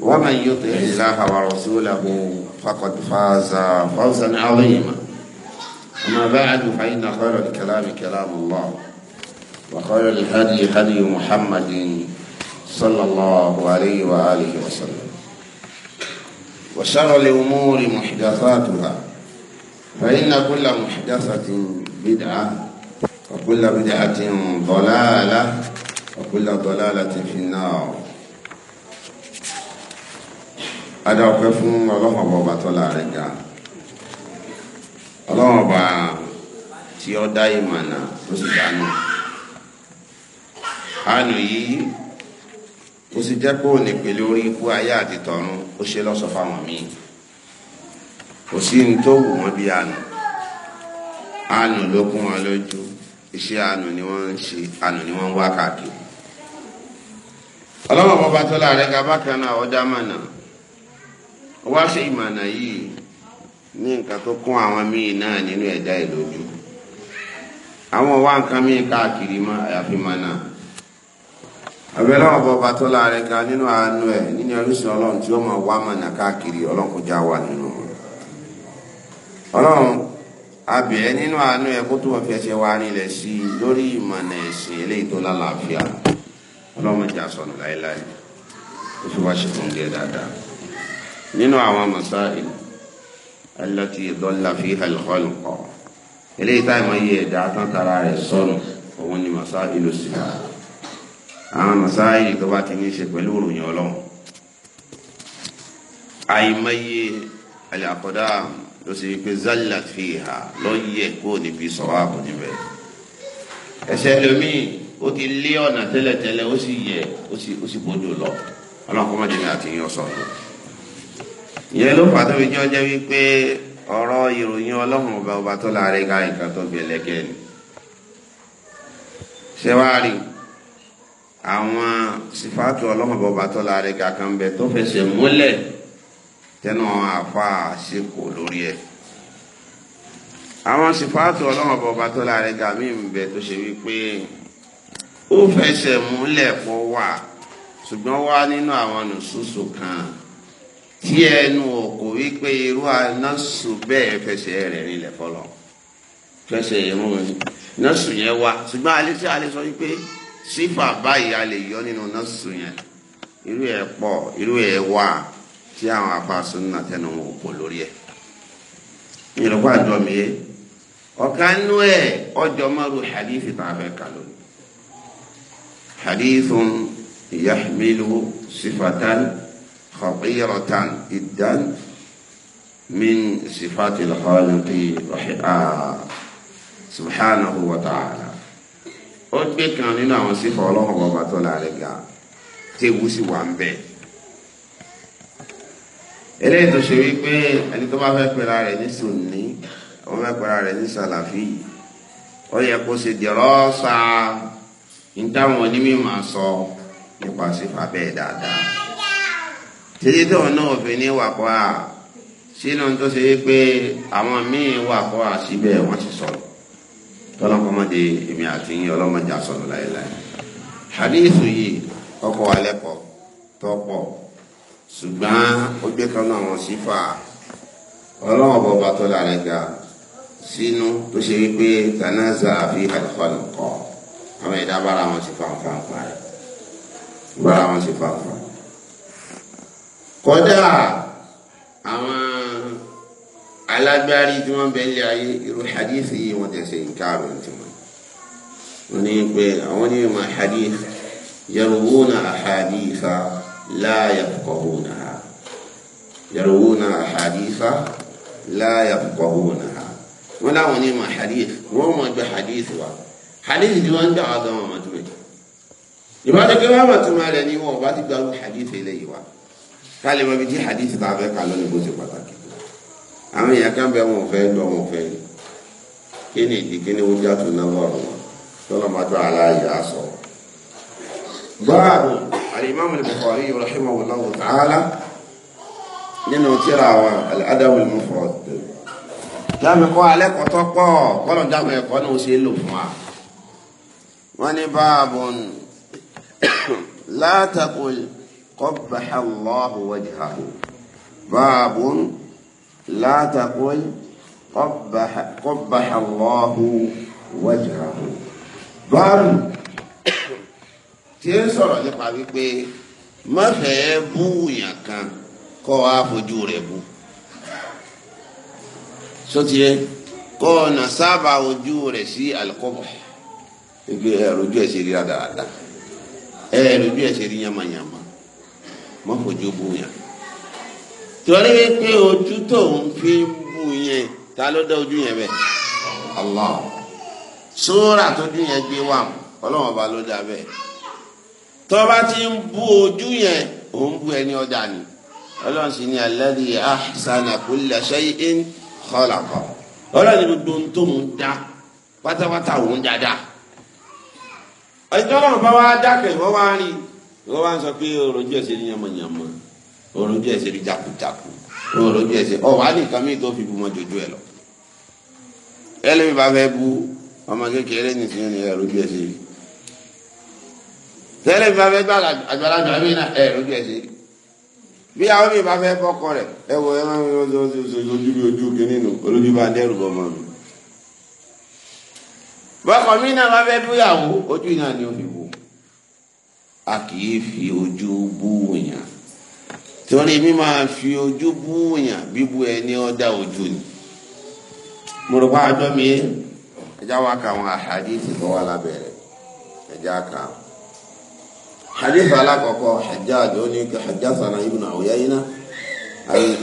ومن يطع الله ورسوله فقد فاز فوزا عظيما أما بعد فإن خير الكلام كلام الله وخير الهدي هدي محمد صلى الله عليه وآله وسلم وشر الأمور محدثاتها فإن كل محدثة بدعة وكل بدعة ضلالة وكل ضلالة في النار adá ọpẹ́ fún ọlọ́run ọba ọba tọ́lá rẹ̀ ga ọlọ́run ọba tí ó dá ìmọ̀nà ó sì dánú àánú yìí ó sì jẹ́ pé òní pẹ̀lú orí ikú ayé àti tọ̀run ó ṣe lọ́sọ̀ fáwọn míì kò sí ní tó wù wọ́n bí àánú àánú ló kún wọn lójú iṣẹ́ àánú ni wọ́n ń ṣe àánú ni wọ́n ń wá káàkiri ọlọ́run ọba tọ́lá rẹ̀ ga bákan náà ó mọ̀nà. wá ṣe ìmọ̀nà yìí ní nǹkan tó kún àwọn míì náà nínú ẹ̀dá ìlójú àwọn wá nǹkan míì káàkiri mọ́ àyàfi ma àbẹ̀lẹ̀ ọ̀bọ̀ tó láàrin nínú àánú ẹ̀ nínú orísun ọlọ́run tí ó mọ̀ wá mọ̀nà káàkiri ọlọ́run já wà nínú ọlọ́run nínú àánú ẹ̀ kó tó wọ́n fi ẹsẹ̀ wá nílẹ̀ sí i lórí ìmọ̀nà ẹ̀sìn eléyìí tó lálàáfíà ọlọ́run sọnù láéláé ó fi wá nínú àwọn masáìlì alati dọ́là fi àlùkọ́lù kọ́ eléyìí táyì máa yí ẹ̀dá tán tara rẹ̀ sọnù òun ni masáìlì sìgá àwọn masáìlì tó bá ti ní í ṣe pẹ̀lú ìròyìn ọlọ́run àìmọye àlàkọ́dá ló ṣe wípé zálà fi hà lọ́yẹ̀ kó níbi sọ̀rọ̀ àbò níbẹ̀ ẹsẹ̀ lómìn ó ti lé ọ̀nà tẹ́lẹ̀tẹ́lẹ̀ ó sì yẹ ó sì bójú lọ ọlọ́run kọ́ mọ́tẹ́mi àti yín ìyẹn ló fà tó fi jọ jẹ́ wípé ọ̀rọ̀ ìròyìn ọlọ́run ọba ọba tó láàrin ká nǹkan tó gbẹlẹ́gẹ́ ni ṣé wàá rí àwọn sífàtù ọlọ́run ọba tó láàrin ká kan bẹ tó fẹsẹ̀ múlẹ̀ tẹnu àfa àṣekò lórí ẹ̀ àwọn sífàtù ọlọ́run ọba tó láàrin ká mí ń bẹ tó ṣe wípé ó fẹsẹ̀ múlẹ̀ pọ̀ wà ṣùgbọ́n wá nínú àwọn nùsùsù kan tí ẹnu òkò wípé irú anásù bẹ́ẹ̀ fẹsẹ̀ rẹ̀ nílẹ̀ fọlọ́ fẹsẹ̀ irun rẹ̀ násù yẹn wá ṣùgbọ́n alẹ́ tí alẹ́ sọ wípé sífà báyìí a lè yọ nínú násù yẹn irú ẹ̀ pọ̀ irú ẹ̀ wà tí àwọn apáṣọ náà tẹnu òkò lórí ẹ̀ ìrọ̀pá àjọ mi yé ọ̀kan nú ẹ̀ ọjọ́ márùn hadith tá a fẹ́ kà lónìí hadithun yahmilu sifatan. خطيرة جدا من صفات الخالق سبحانه وتعالى ó gbé kan nínú àwọn sífọ ọlọ́run ọba tó láre ga téwu sì wà ń bẹ̀. eléyìí tó ṣe wípé ẹni tó bá fẹ́ pera rẹ̀ ní sùnní wọ́n fẹ́ pera rẹ̀ ní sàlàfí ó yẹ kó ṣe dìrọ́ọ̀sà ní táwọn onímọ̀ sọ nípa sífà bẹ́ẹ̀ dáadáa títí tó ń náà fi ní wàkọ́ à sínú tó ṣe pé àwọn míì wàkọ́ à síbẹ̀ wọ́n ti sọ̀rọ̀ tọ́lọ́kọ́mọdé èmi àti yín ọlọ́mọdé àsọ̀rọ̀ láéláé hadith yìí ọkọ̀ wa lẹ́kọ̀ọ́ tọ́pọ̀ ṣùgbọ́n ó gbé kan náà wọn sífà ọlọ́wọ́n bọba tó lára ga sínú tó ṣe wípé tanaza fi àdìfọ́nù kọ́ àwọn ìdábára wọn ti fanfan pa rẹ̀ ìbára wọn ti fanfan kódà àwọn alágbárí tí wọ́n bẹ̀lẹ̀ ayé irú hadith yìí wọ́n tẹ̀sẹ̀ ìkáàrọ̀ tí wọ́n wọ́n ní pé àwọn ní ma hadith yarwuna ahaditha la yafqahunaha yarwuna ahaditha la yafqahunaha wọ́n láwọn ní ma hadith wọ́n mọ̀ gbé hadith wa hadith tí wọ́n gbé àwọn ọmọ tó mẹ́ kí wọ́n mọ̀ tó rẹ̀ ní wọ́n bá ti gbárù hadith eléyìí wa kálí wọn bí tí hadith tá a fẹ́ kà lónìí bó ṣe pàtàkì àwọn èèyàn kan bẹ wọn fẹ́ lọ wọn fẹ́ kí ni ìdí kí ni ó já tó náà lọ́rùn wọn tọ́lọ́ máa tó aláàyè á sọ. báàbù al-imam al-bukhari ta'ala nínú tíra wa al-adab al-mufrad dáàmì kọ́ alẹ́ kọ́tọ́ pọ̀ kọ́lọ̀ dáàmì ẹ̀kọ́ náà ó ṣe fún wa. wọ́n ní báàbù látàkùn. قبح الله وجهه باب لا تقل قبح, قبح الله وجهه باب tí ń sọ̀rọ̀ nípa wípé má fẹ́ẹ́ búùyàn kan kọ́ wa fojú rẹ̀ bú sotie kọ́ ọ̀nà sábà ojú rẹ̀ sí alikọ́bọ̀ ẹgbẹ́ ẹ̀rọjú ẹ̀ ṣe rí dáadáa ẹ̀rọjú ẹ̀ ṣe rí yamayama má fojú bú yàn torí wípé ojú tó ń fi bú yẹn ta ló dá ojú yẹn bẹ Allah sóòrà tójú yẹn gbé wà mọ Ọlọ́run ọba ló dá bẹ́ẹ̀ tọba ti ń bú ojú yẹn òun bú ẹni ọjà ni Ọlọ́run sì ni alladhi ahsana kulla shay'in khalaqa Ọlọ́run ni gbogbo tó ń dá pátápátá òun dáadáa ẹjọ́ náà bá wá dákẹ́ wọ́n wá rí wọ́n wá ń sọ pé òròjú ẹ̀sẹ̀ ní yànmọ̀yànmọ̀ òròjú ẹ̀sẹ̀ ní jákujàku òròjú ẹ̀sẹ̀ ọ̀ wá nìkan mí tó fi bu mọ́ jojú ẹ̀ lọ. ẹlẹ́mi bá fẹ́ bu ọmọ kékeré nìkan ní òròjú ẹ̀sẹ̀ rí tẹ́lẹ̀ mi bá fẹ́ gbà àgbàlagbà mi náà ẹ̀ òròjú ẹ̀sẹ̀ rí bí àwọn mi bá fẹ́ bọ́kọ rẹ̀ ẹ wọ ẹ máa ń ojú bí ojú kìíní nù olójú bá dẹ́rù bọ́ mọ́ mi bọ́kọ mi náà bá fẹ́ dúyàwó ojú ìnáà ni ó fi w a kì í fi ojú bú èèyàn torí mi máa fi ojú bú èèyàn bíbú ẹni ọ̀dà ojú ni mo rò pé àjọ mi ẹja wa ka àwọn àhàdìsì tó wà lábẹ́rẹ́ ẹja ka hadith alakoko hajjaj ó ní hajjasana ibn awiyayina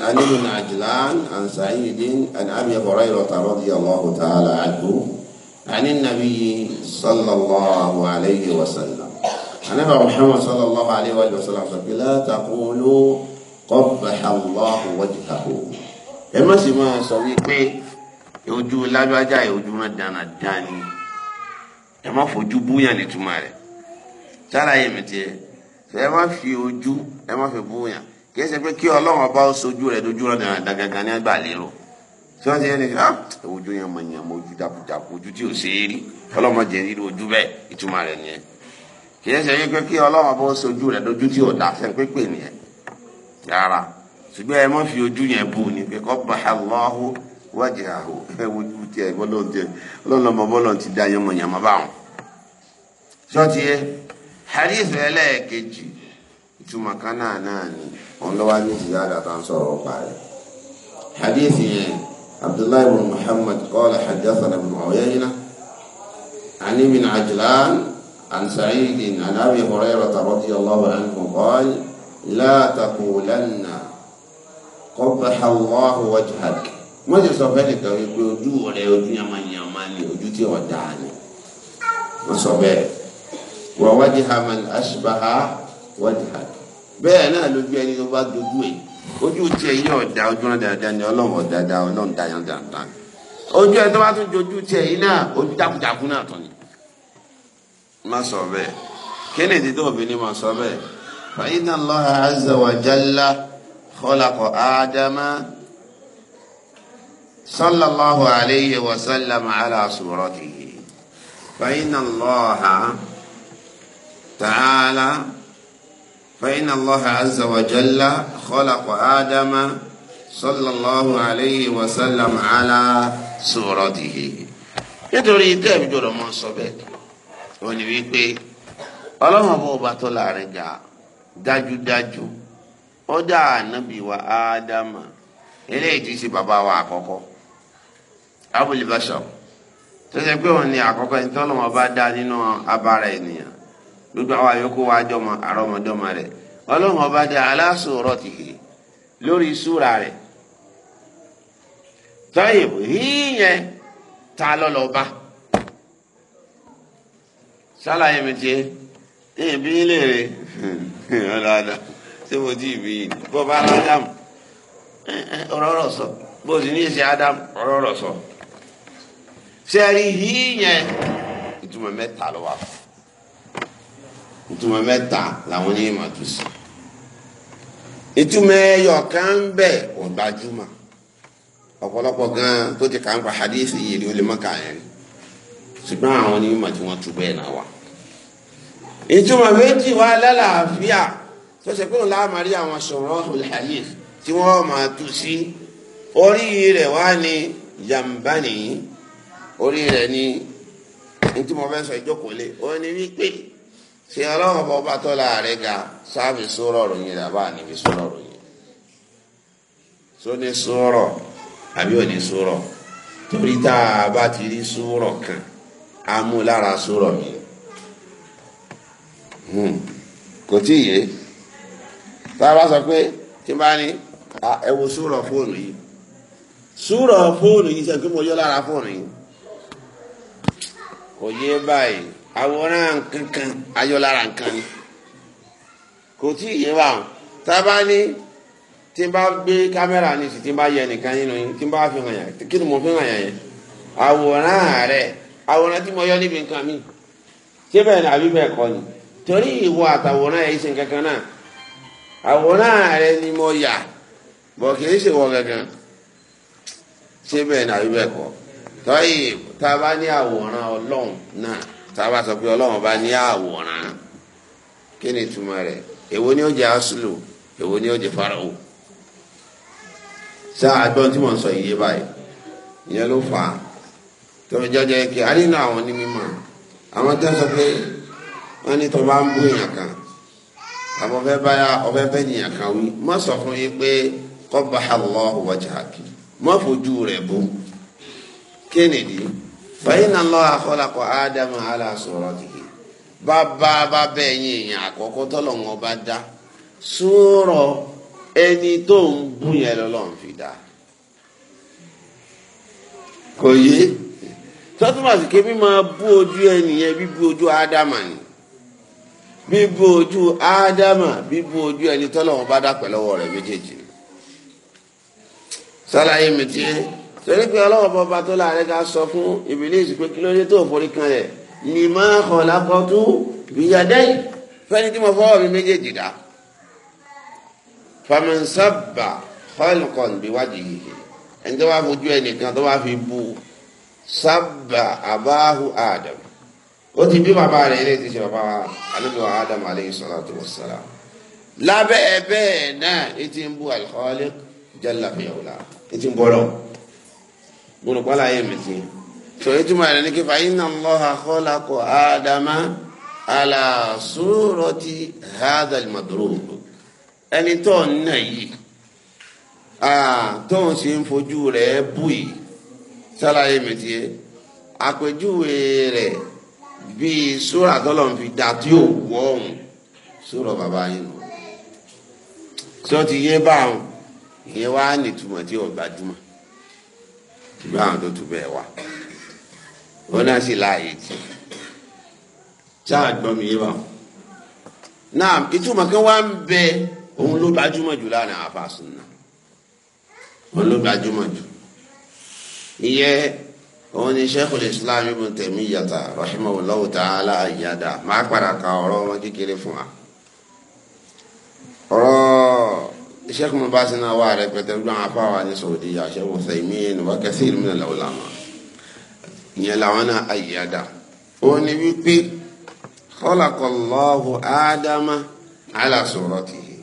an ibn ajlan an sa'idin an abi hurairata radiyallahu ta'ala anhu an nabi sallallahu alayhi wa sallam anábà muhammad sallallahu alayhi wa sallam sọ pé látàkùnlú qabbahallahu wajhahu ẹ má sì máa sọ wípé ojú lágbájá ojú wọn dánadáa ni ẹ má fojú búyàn nítumọ̀ rẹ̀ sára yìí mi tiẹ̀ ẹ má fi ojú ẹ má fi búyàn kì í ṣe pé kí ọlọ́run ọba ó sojú rẹ̀ dojú rẹ̀ dáadáa gangan ní àgbà lérò tí wọ́n ti yẹn ni ah ojú yẹn mọ̀ yẹn mọ̀ ojú dàpọ̀dàpọ̀ ojú tí ò ṣe é rí ọlọ́mọdé rí ojú bẹ́ẹ̀ ìtumọ̀ rẹ̀ nìyẹn. kìí ṣe yí pé kí ọlọ́run bó sojú rẹ̀ dojú tí ò dá fẹ́ pépè nìyẹn yàrá ṣùgbọ́n ẹ mọ́ fi ojú yẹn bù ní pé kọ́ bá aláhu wájà ahò ẹ wojú tiẹ̀ bọ́lọ́n tiẹ̀ ọlọ́lọ́mọ bọ́lọ́n ti dá báwọn. yẹ hadith ẹlẹ́ẹ̀kejì ìtumọ̀ kan náà náà ni lọ́wọ́ ní sọ̀rọ̀ hadith yẹn abdullahi muhammad عن سعيد عن أبي هريرة رضي الله عنه قال لا تقولن قبح الله وجهك wọ́n ti sọ fẹ́ẹ́ nìkan wípé ojú rẹ̀ ojú yamayama ni ojú tí ò dáa ni wọ́n sọ bẹ́ẹ̀ wà wájú haman asibaha wájú ha bẹ́ẹ̀ náà lójú ẹni tó bá dojú ẹ̀ ojú tiẹ̀ yìí ọ̀dà ojú náà dáadáa ni ọlọ́run ọ̀dà dáa ọlọ́run dáadáa ojú ẹ̀ tó bá tún dojú tiẹ̀ yìí náà ojú jákujáku náà tán ni má sọ bẹ́ẹ̀ kí ni ìdídọ́ òbí ni mà sọ bẹ́ẹ̀ fa inna Allah azza wa jalla khalaqa Adama sallallahu alayhi wa sallam ala suratihi fa inna Allah ta'ala fa inna Allah azza wa jalla khalaqa Adama sallallahu alayhi wa sallam ala suratihi nítorí dẹ́ẹ̀bí jọ̀rọ̀ mọ́ sọ bẹ́ẹ̀ òun ni wípé ọlọ́run ọba ọba tó láàrin ga dájúdájú ó dá ànábì wa ádámà eléyìí tí í ṣe bàbá wa àkọ́kọ́ Abul Bashar tó ṣe pé òun ni àkọ́kọ́ ẹni tọ́lọ́run ọba dá nínú abára ènìyàn gbogbo àwọn àyókù wa jọmọ àrọmọdọ́mọ rẹ̀ ọlọ́run ọba dá ala suratihi lórí súra rẹ̀ tọ́yìbù híyẹn ta lọ́lọ́ba ṣàlàyé mi tiẹ̀ ẹ̀yìn bí ilé rẹ̀ ọ̀dàdà ṣé mo ti bí yìí bó bá ara dáàmú ọ̀rọ̀ ọ̀rọ̀ sọ bó sì ní ìṣe ádámù ọ̀rọ̀ ọ̀rọ̀ sọ. sẹ́ẹ̀rì yìí yẹn ìtumọ̀ mẹ́ta ló wà fún ìtumọ̀ mẹ́ta làwọn onímọ̀ tó ìtumọ̀ ẹyọ kan ń bẹ ọ̀gbájúmọ̀ ọ̀pọ̀lọpọ̀ gan tó ti kà ń pa hadith yìí ni ó lè mọ̀ kà yẹn rí ṣùgbọ́n àwọn onímọ̀ tí wọ́n tú bẹ́ẹ̀ náà wà. ìtumọ̀ méjì wá lálàáfíà tó ṣe pé òun láàmà rí àwọn sọ̀rọ̀ al-hadith tí wọ́n máa tú sí orí rẹ̀ wá ní yàmbá nìyí orí rẹ̀ ní ntí mo fẹ́ sọ ìjókòólé ó ní wípé ṣe ọlọ́run bọ́ bá tọ́lá rẹ̀ ga sáàbì sọ̀rọ̀ ròyìn rẹ̀ bá níbi sọ̀rọ̀ ròyìn sọ sọ̀rọ̀ àbí ò sọ̀rọ̀ torí tá a bá ti rí sọ̀rọ̀ kan amúlára sọ̀rọ̀ mi hmm. kò tí ì yé tá a bá sọ pé tí n bá ní ẹ wo sọ̀rọ̀ fóònù yìí sọ̀rọ̀ fóònù yìí sẹ́ni pé mo yọ lára fóònù yìí kò yé báyìí àwòrán kankan ayọ̀lára nǹkan ni kò tí ì yé wa o tá a bá ní tí n bá gbé kámẹ́rà ní sí tí bá yẹ nìkan nínú yín tí bá fi hàn yàn kí ni mo fi hàn yàn yẹn àwòrán rẹ̀ àwòrán tí mo yọ níbi nǹkan mi ṣé bẹ́ẹ̀ ni àbí bẹ́ẹ̀ kọ́ ni torí ìwọ àtàwòrán ẹ̀ ṣe nǹkan náà àwòrán rẹ ni mo yà bọ̀ kì í ṣe wọ gangan ṣé bẹ́ẹ̀ ni àbí bẹ́ẹ̀ kọ́ tọ́yì tá a bá ní àwòrán ọlọ́run náà tá a bá sọ pé ọlọ́run bá ní àwòrán kí ni ìtumọ̀ rẹ̀ èwo ni ó jẹ́ asúlù èwo ni ó jẹ́ farao ṣáà gbọ́n tí mò ń sọ yìí báyìí ìyẹn ló fà á. tọ́wọ́ jọjọ yẹ kí a nínú àwọn ní mímọ́ àwọn tó ń sọ pé wọ́n ní tó bá ń bú èèyàn kan àwọn ọ̀fẹ́ báyà nìyàn kan wí sọ fún yín pé fojú rẹ̀ bó Ádámù bá bẹ́ẹ̀ yín èèyàn àkọ́kọ́ wọn bá dá ẹni tó ń bú yẹn fi dá kò yé. sọ́túnmọ̀sí ké mi máa bú ojú ẹnìyẹn bíbú ojú ádámà ni bíbú ojú ádámà bíbú ojú ẹni tọ́lọ́wọ́n bá dàpẹ́ lọ́wọ́ rẹ̀ méjèèjì sálàyé mi tiẹ́ torí pé ọlọ́wọ́ bọba tó láàrẹ́ ká sọ fún ìbílẹ̀sì pé kí ló dé tó forí kan rẹ̀ ni máa kọ̀ lápọ̀tú bìyàdẹ́yìn fẹ́ni tí mo fọwọ́ mi méjèèjì dá famansábà khalqan biwajhihi ẹni tó bá fojú ẹnìkan tó bá fi bú sábà àbáhu adam ó ti bí bàbá rẹ̀ ilé ti ṣe bàbá alẹ́bíwá adam aleyhi salatu wa salam lábẹ́ ẹ̀bẹ́ náà etí ń bú al-Khaliq jalla fi ọ̀la etí ń bọ́lọ̀ gbọ́dọ̀ pálá ayé mi ti sọ etí máa ní kífà inna Allaha khalaqa adama ala surati hadha al-madrub ẹni tó ń nà yìí tó ń ṣe ń fojú rẹ̀ bú sálàyé mi ti yẹ àpèjúwe rẹ̀ bíi sóra tọ́lọ̀ ń fi dà tí ò wọ́ ọ̀hún sóra bàbá yín nù tí wọ́n ti yé báwọn ìyẹn wá nítumọ̀ tí ò gbajúmọ̀ ìgbà àwọn tó tún bẹ́ẹ̀ wá wọn náà sì láàyè jì sáà gbọ́ mi yé báwọn náà ìtumọ̀ kan wá bẹ òun ló gbajúmọ̀ jù láàrin àfa sunna òun ló gbajúmọ̀ jù ìyẹn òun ni Sheikhul Islam Ibn Taymiyyah rahimahullahu ta'ala àyàdá máa padà ka ọ̀rọ̀ wọn kékeré fún wa. ọ̀rọ̀ Sheikh mú báṣẹ náà wà rẹpẹtẹ gbọ́n apá wa ní Saudi yà Sheikh Uthaymin wa kathir min al-ulama ìyẹn làwọn náà àyàdá òun ni wípé khalaqallahu Adama ala suratihi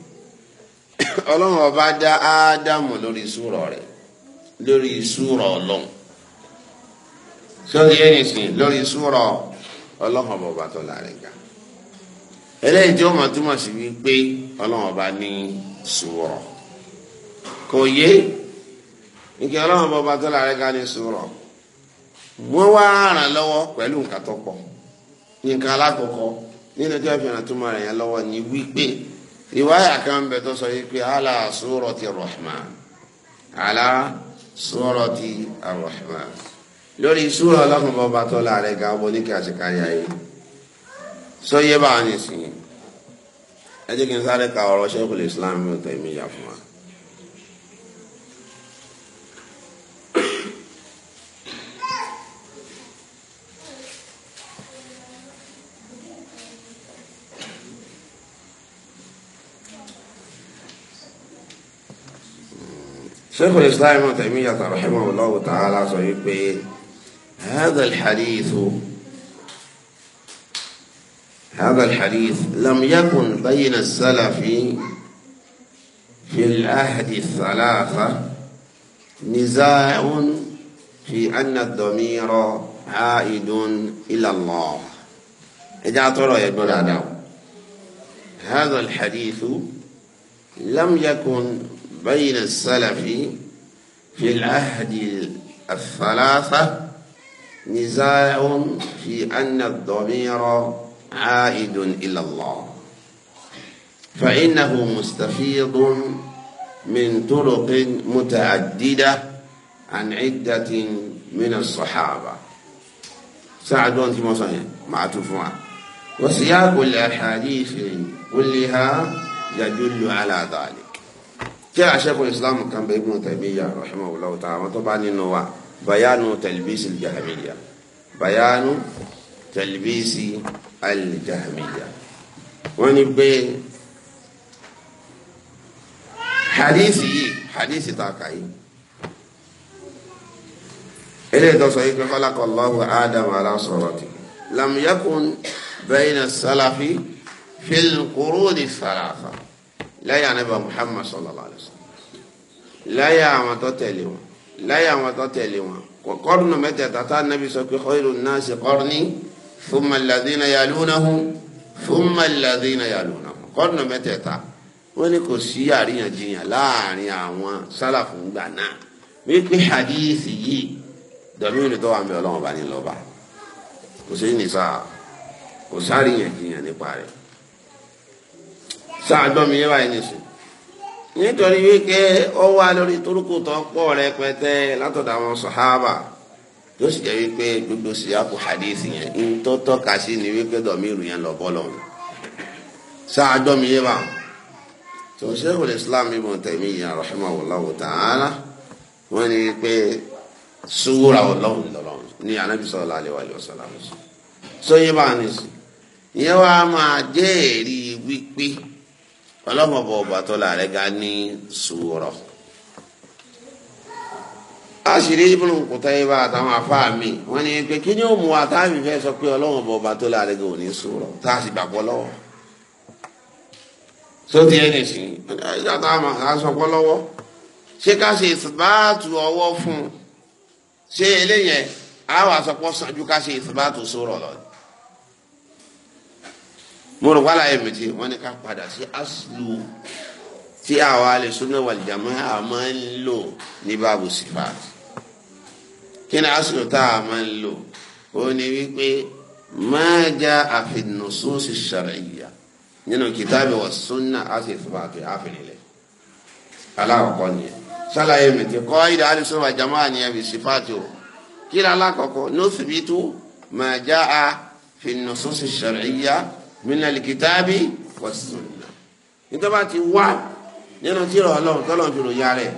ọlọ́run ọba dá Ádámù lórí súrọ̀ rẹ̀ lórí súrà ọlọ́run sọ́ọ́dí ẹ̀nìsìn lórí súrà ọlọ́run ọba ọba tó láàrin ga eléyìí tí ó mọ̀ túmọ̀ sí wípé ọlọ́run ọba ní súrà kò yé nkẹ́ ọlọ́run ọba ọba tó láàrin ga ní súrà wọ́n wá ràn lọ́wọ́ pẹ̀lú nǹkan tó pọ̀ nǹkan alákọ̀ọ́kọ́ nínú tí wọ́n fi ràn túmọ̀ rẹ̀ yẹn lọ́wọ́ ni wípé ìwáyà kan bẹ tó sọ yìí pé ala súrati Rahman ala surati ar-Rahman lórí súra ọlọ́kùnrin ọba tó láàrẹ̀ ga ọbọ ní kíáṣí kárí ayé sọ yé bá a nìsín ẹ kí n sáré ka ọ̀rọ̀ Shaykhul Islam Ibn Taymiyyah fún wa. شيخ الإسلام ابن تيمية رحمه الله تعالى سيقول هذا الحديث هذا الحديث لم يكن بين السلف في العهد الثلاثة نزاع في أن الضمير عائد إلى الله إذا ترى يا هذا الحديث لم يكن بين السلف في العهد الثلاثة نزاع في أن الضمير عائد إلى الله فإنه مستفيض من طرق متعددة عن عدة من الصحابة سعد في مصنع تفوان وسياق الأحاديث كلها يدل على ذلك tí a ṣẹ́kù ìsìláàmù kan bẹ Ibn Taymiyyah rahimahullahu ta'ala àwọn tó bá nínú wa bayanu talbisi aljahamiya bayanu talbisi aljahamiya wọ́n ní pé hadisi yìí hadisi ta kà yìí eléyìí tó sọ yìí pé khalaqa Allahu Adama ala surati lam yakun bayna as-salafi fil quruni ath-thalatha láyé anabi muhammad sallallahu alayhi wa sallam láyé àwọn tó tẹ̀lé wọn láyé àwọn tó tẹ̀lé wọn kọ́ọ̀dùnú mẹ́tẹ̀ẹ̀ta tá anabi sọ pé khairun nasi qarni thumma alladhina yalunahum thumma alladhina yalunahum kọ́ọ̀dùnú mẹ́tẹ̀ẹ̀ta wọ́n ní kò sí àríyànjiyàn láàrin àwọn sálàfù ńgbà náà wípé hadithi yìí dọ̀míìnì tó wà ń bẹ ọlọ́run bá ní lọ́ba kò sí nìsa kò sáríyànjiyàn nípa rẹ̀ sáàgbọ́n mi yé wáyé nìsín nítorí wípé ó wá lórí turuku tó pọ̀ rẹpẹtẹ látọ̀dọ̀ àwọn sàhábà tó sì jẹ́ wípé gbogbo síyàpò hadith yẹn ń tó tọ́ka sí ni wípé dọ̀míìrù yẹn lọ bọ́lọ̀ sáàgbọ́n mi yé wáyé tó Sheikhul Islam Ibn Taymiyyah rahimahullahu ta'ala wọ́n ní pé sùúrà ọlọ́run lọ́lọ́run ní anábì sallallahu alaihi wa sallam sọ yé bá a nìsín ìyẹn máa jẹ́ wípé ọlọ́mọbọ ọba tó la rẹ̀ ga ní sùúrọ̀ àṣírí ibùdó kùtà ibà àtàwọn afáà mi wọn ni pé kí ni ó mú wa tá a fi fẹ́ sọ pé ọlọ́mọbọ ọba tó la rẹ̀ ga ò ní sùúrọ̀ tá a sì gbàgbọ́ lọ́wọ́ sóti ẹni sìn ìgbà tá a lọ́wọ́ ṣé ká ṣe ìsìbáàtù ọwọ́ fún un ṣé eléyẹn á wà sàn ju ká ṣe ìsìbáàtù sùúrọ̀ lọ́dún mo rò wàhálà yẹn mìtì wọn ni ká padà sí aslu tí àwa al-sunna wal jamaa máa ń lò ní báàbù sifat kí ni aslu tá a máa ń lò ó ní wípé ma jaa fi nusus shar'iyya nínú kitabi wa sunna àti ìfipáàtì àfinilẹ̀ alákọ̀ọ́kọ́ nìyẹn sálàyé mìtì kọ́ ìdá al-sunna wal jamaa nìyẹn bí sifati o kí ni alákọ̀ọ́kọ́ nuthbitu ma jaa fi nusus shar'iyya. minali likitaabi wàsúnà nítorí ti wá nínú tírà ọlọ́run tọ́lọ́run fi ròyìn rẹ̀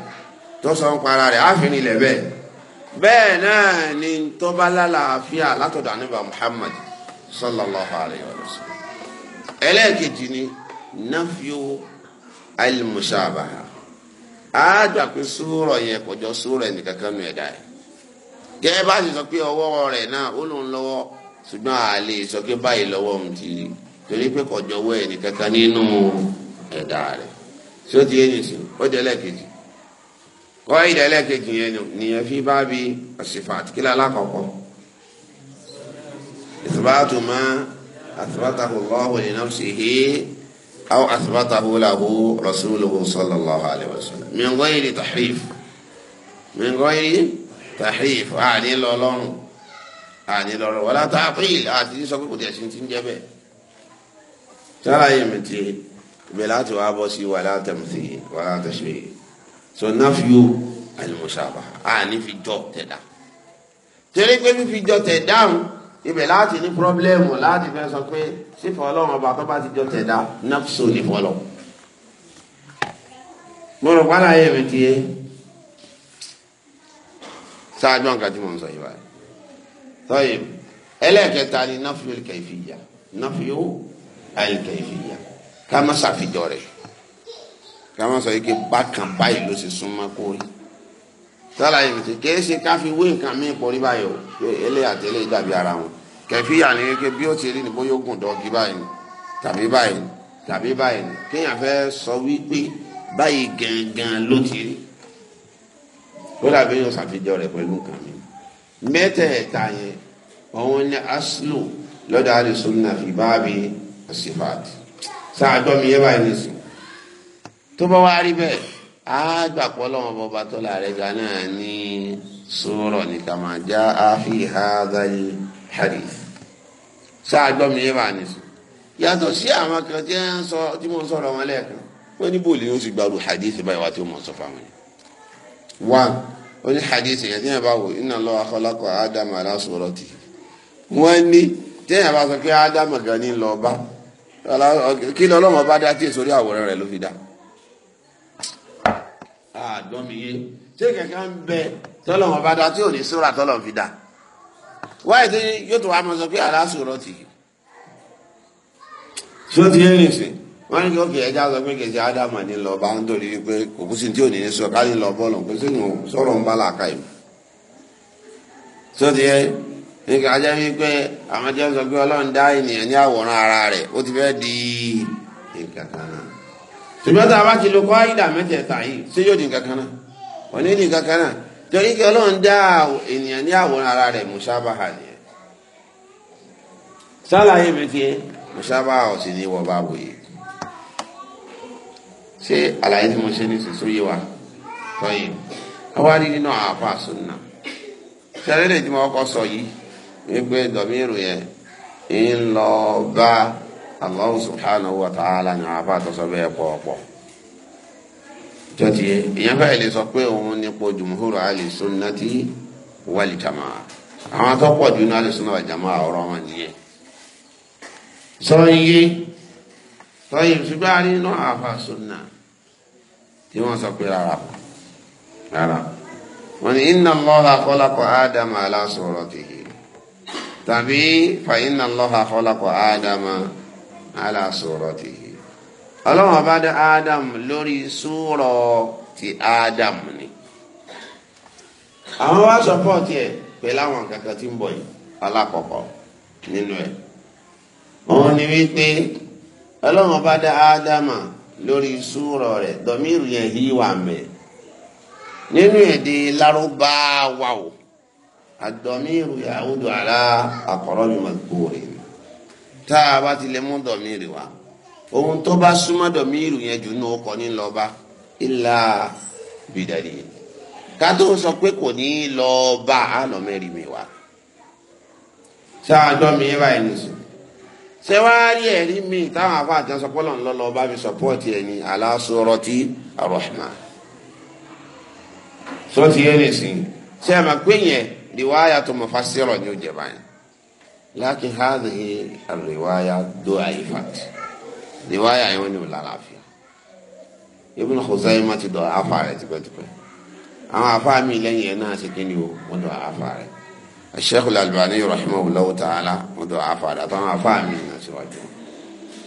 tó sọ ń para rẹ̀ àfin ilẹ̀ bẹ́ẹ̀ bẹ́ẹ̀ náà ni tọ́ba lálàáfíà látọ̀dọ̀ àníbà Muhammad sallallahu alayhi wa sallam ẹlẹ́ẹ̀kejì ni pé yẹn kankan bá sì sọ pé náà ó lòun torí pé kọjọ wọ ẹnì kankan nínú ẹ̀dá rẹ̀ tí ó ti yé nìsín ó jẹ́ lẹ́ẹ̀kejì kọ́ ìdá lẹ́ẹ̀kejì yẹn nìyẹn fi bá bi àṣìfàt kí lálá kọ̀kọ́ ìsìbáàtù mọ́ àṣìbátàhù lọ́hùn ní nafsihi aw àṣìbátàhù làhù rasuluhu sallallahu alayhi wa sallam min ghayri tahrif min ghayri àní lọ́lọ́run àní lọ́lọ́run wala ta'til àti sọ pé kò ti ń jẹ́ bẹ́ẹ̀ sára yìí mi ti ibẹ̀ láti wá bọ́ sí wàhálà tẹ̀mùsì wàhálà tẹ̀síwì so náfíù alimusaba a ní fi jọ tẹ̀dá torí pé fífi jọ tẹ̀dá ibẹ̀ láti ní pírọ́blẹ́mù láti fẹ́ sọ pé sífọ̀ ọlọ́run ọba tó bá ti jọ tẹ̀dá náfíù ní fọlọ́ mo rò pálá yìí mi ti yé sáájú àǹkà tí mo ń sọ yìí báyìí tọ́yìn ẹlẹ́ẹ̀kẹta ni náfíù kẹfìyà náfíù alikẹyìfìyà ká má ṣàfijọ rẹ ká má sọ yìí ké bákan báyìí ló ṣe súnmọ́ kó rí sọlá yìí fi kì í ṣe ká fi wé nǹkan mí pọ̀ rí báyìí o eléyà àti eléyìí dàbí ara wọn kẹfìyà ni wípé bí ó ti rí ni bóyá ó gùn dọ́ọ̀kì báyìí ni tàbí báyìí ni tàbí báyìí ni kéèyàn fẹ́ sọ wípé báyìí gangan ló ti rí ó dàbí yóò ṣàfijọ rẹ pẹ̀lú nǹkan mi mẹ́tẹ̀ẹ̀ta yẹn òun ni aslu lọ́dọ̀ àdìsúnà fi báàbí sífàtì sáàjọ́ mi yẹ báyìí ní sùn tó bá wá rí bẹ́ẹ̀ á gbà pọ́ lọ́wọ́ bọba tó láàrẹ̀ ga náà ní sọ̀rọ̀ ní kàmá já áfì hádàlì hadith sáàjọ́ mi yẹ báyìí ní sùn yàtọ̀ sí àwọn kan tí ń sọ tí mo sọ̀rọ̀ wọn lẹ́ẹ̀kan wọ́n ní bòlì yóò ti gbàrú hadith báyìí wá tí mo sọ fáwọn yẹn. one ó ní hadith yẹn tí yẹn bá wò inna Allaha khalaqa Adama ala suratihi wọ́n ní tí yẹn bá sọ pé ádámù gan ní lọ́ọ́ bá kí ni ọlọ́mọ bá dá tí èso rí àwòrán rẹ̀ ló fi dá. àgbọ̀n mi yé ṣé kẹ̀kẹ́ ń bẹ tọ́lọ́mọ bá dá tí ò ní sóra tọ́lọ́mọ fi dá. wáyé tí yóò tó wá mọ sọ pé aláṣọrọ tì í. sọ ti yẹn nìsín wọ́n ní kí ó fi ẹja sọ pé kẹ̀kẹ́ ádámà ní lọ bá ń torí pé kò kú sí tí ò ní sọ ká ní lọ bọ́ọ̀lù pé sínú sọ̀rọ̀ ń bá làákà yìí. sọ ti yẹn nígbà ajá wípé àwọn tí sọ pé ọlọ́run dá ènìyàn ní àwòrán ara rẹ̀ ó ti fẹ́ di nǹkan kan náà ṣùgbọ́n tá a bá ti lo kọ́ àyídà mẹ́tẹ̀ẹ̀ta yìí ṣé yóò di nǹkan kan náà wọ́n ní di nǹkan kan náà torí ara rẹ̀ musaba nìyẹn sálàyé mi fi mùsábàhà ọ̀sì ní ìwọ̀ bá wòye ṣé àlàyé tí mo ṣe ní sísú wa tọ́yìn àfa náà lè wípé dọ̀míìrù yẹn ń lọ bá Allahu subhanahu wa ta'ala ní àbá àtọ́sọ bẹ́ẹ̀ pọ̀ jọ́tí ìyẹn fẹ́ẹ́ lè sọ pé òun nípo jùmùhúrù àlè sunnati wal jamaa àwọn tó pọ̀ jù ní àlè ọ̀rọ̀ wọn nìyẹn sọ́yìnyé sọ́yìn ṣùgbọ́n a rí inú tí wọ́n sọ pé rárá rárá tàbí fàyín náà lọ́ha kọ́lákọ̀ ádámà aláṣọ̀rọ̀tìhì ọlọ́run ọba dá ádám lórí súrọ̀ ti ádám ni àwọn wá sọpọ́ọ̀tì ẹ̀ pẹ̀lú àwọn kankan tí ń bọ̀ yìí alákọ̀ọ́kọ́ nínú ẹ̀ òun ni wípé ọlọ́run ọba dá ádámà lórí súrọ̀ rẹ̀ dọ̀míìrù yẹn yí wà mẹ́ nínú èdè lárúbáwá o. àdọ̀míìrù yàhùdù àlá àkọ́rọ́ mi máa gbòòrè tá a bá ti lè mú dọ̀míìrù wa ohun tó bá súnmọ́ dọ̀míìrù yẹn jù ní ọkọ̀ ní lọ́ba ìlà bìdàdì ká tó sọ pé kò ní lọ́ba àlọ́ mẹ́rin mi wá ṣá àdọ́mi yẹn báyìí nìṣó ṣé wàá rí ẹ̀rí mi táwọn afáàjọ sọ pọ́lọ̀ ńlọ lọ́ọ́ bá mi sọpọ́ọ̀tì ẹ̀ ní aláṣọrọ̀ tí arọ̀hìnà sọ́ọ̀tì yẹn nìṣín ṣé àmà pé yẹn riwaya tó mọ̀ fásitì ni ó jẹ báyìí láàkì hádìí riwaya dó àyífàt riwaya yẹn ni ò lálàáfíà Ibn Khuzaimah ti dọ̀ afa rẹ̀ tipẹ́tipẹ́ àwọn afa mi lẹ́yìn ẹ̀ náà ṣe kí ni o wọ́n dọ̀ afa rẹ̀ Sheikh Al-Albani rahimahullahu ta'ala wọ́n dọ̀ afa rẹ̀ àtàwọn afa mi náà ṣe wájú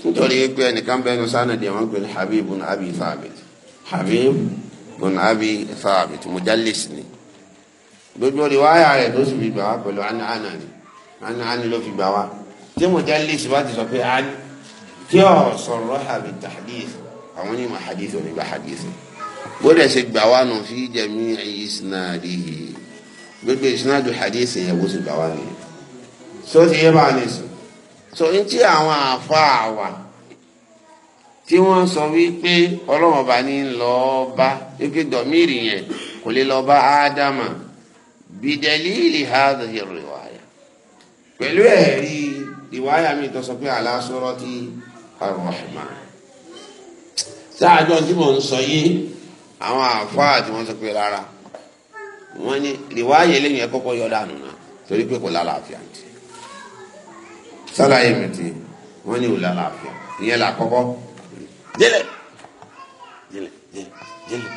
nítorí pé ẹnìkan bẹ́ẹ̀ ní sànàdì àwọn lójú ọdẹ wáyà rẹ̀ ló sì fi gbà wá pẹ̀lú àná ni àná ni ló fi gbà wá tí mo jẹ́ lè ṣùgbọ́n ti sọ pé àní tí ò sọ̀rọ̀ àbí tàdís àwọn onímọ̀ hadith ò ní gba hadith gbọ́dọ̀ ṣe gbà wá nù fi jẹ̀mí ìsinadì gbogbo ìsinadì hadith yẹn bó ṣe gbà wá nìyẹn so ti yẹ báwa nìsín so n tí àwọn àfa àwà tí wọ́n sọ wípé ọlọ́mọba ní lọ́ọ́ bá wípé dọ̀míìrì yẹn kò lè lọ́ọ́ bá ádámà bìdẹ̀lìlì hadhihi rìwáyà pẹ̀lú ẹ̀rí rìwáyà mi tó sọ pé aláṣọ́rọ́ ti arọ̀ṣùmá sáájọ́ tí mò ń sọ yìí àwọn àfáà tí wọ́n sọ pé rárá wọ́n ní rìwáyà eléyìí ẹ kọ́kọ́ yọ dànù náà torí pé kò lálàáfíà ti sálàyé mi ti wọ́n ní ò lálàáfíà ìyẹn là kọ́kọ́ délẹ̀ délẹ̀ délẹ̀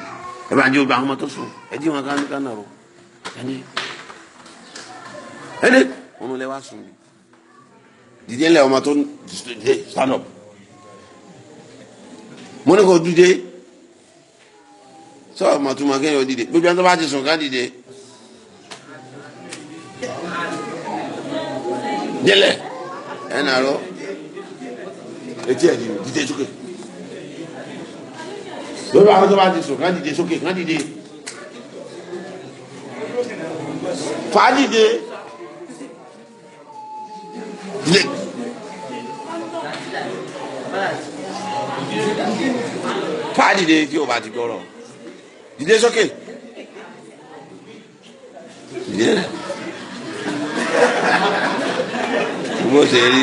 ẹ bá ń jẹ́ gbogbo àwọn ọmọ tó sùn ẹ jí wọn ká ní ká náà ẹni ẹni wọn lè wá sùn dìde ńlẹ ọmọ tó dìde stand up mo ní kò dìde sọ ọmọ tó máa kéèyàn dìde gbogbo ẹni tó bá ti sùn ká dìde délẹ ẹnì àrọ etí ẹ dìde sókè lórí àwọn tó bá ti sùn ká dìde sókè ká dìde de fàádìde lè. fàádìde tí o bá ti gbọ́rọ̀ dìde sókè dìde mo ṣe rí.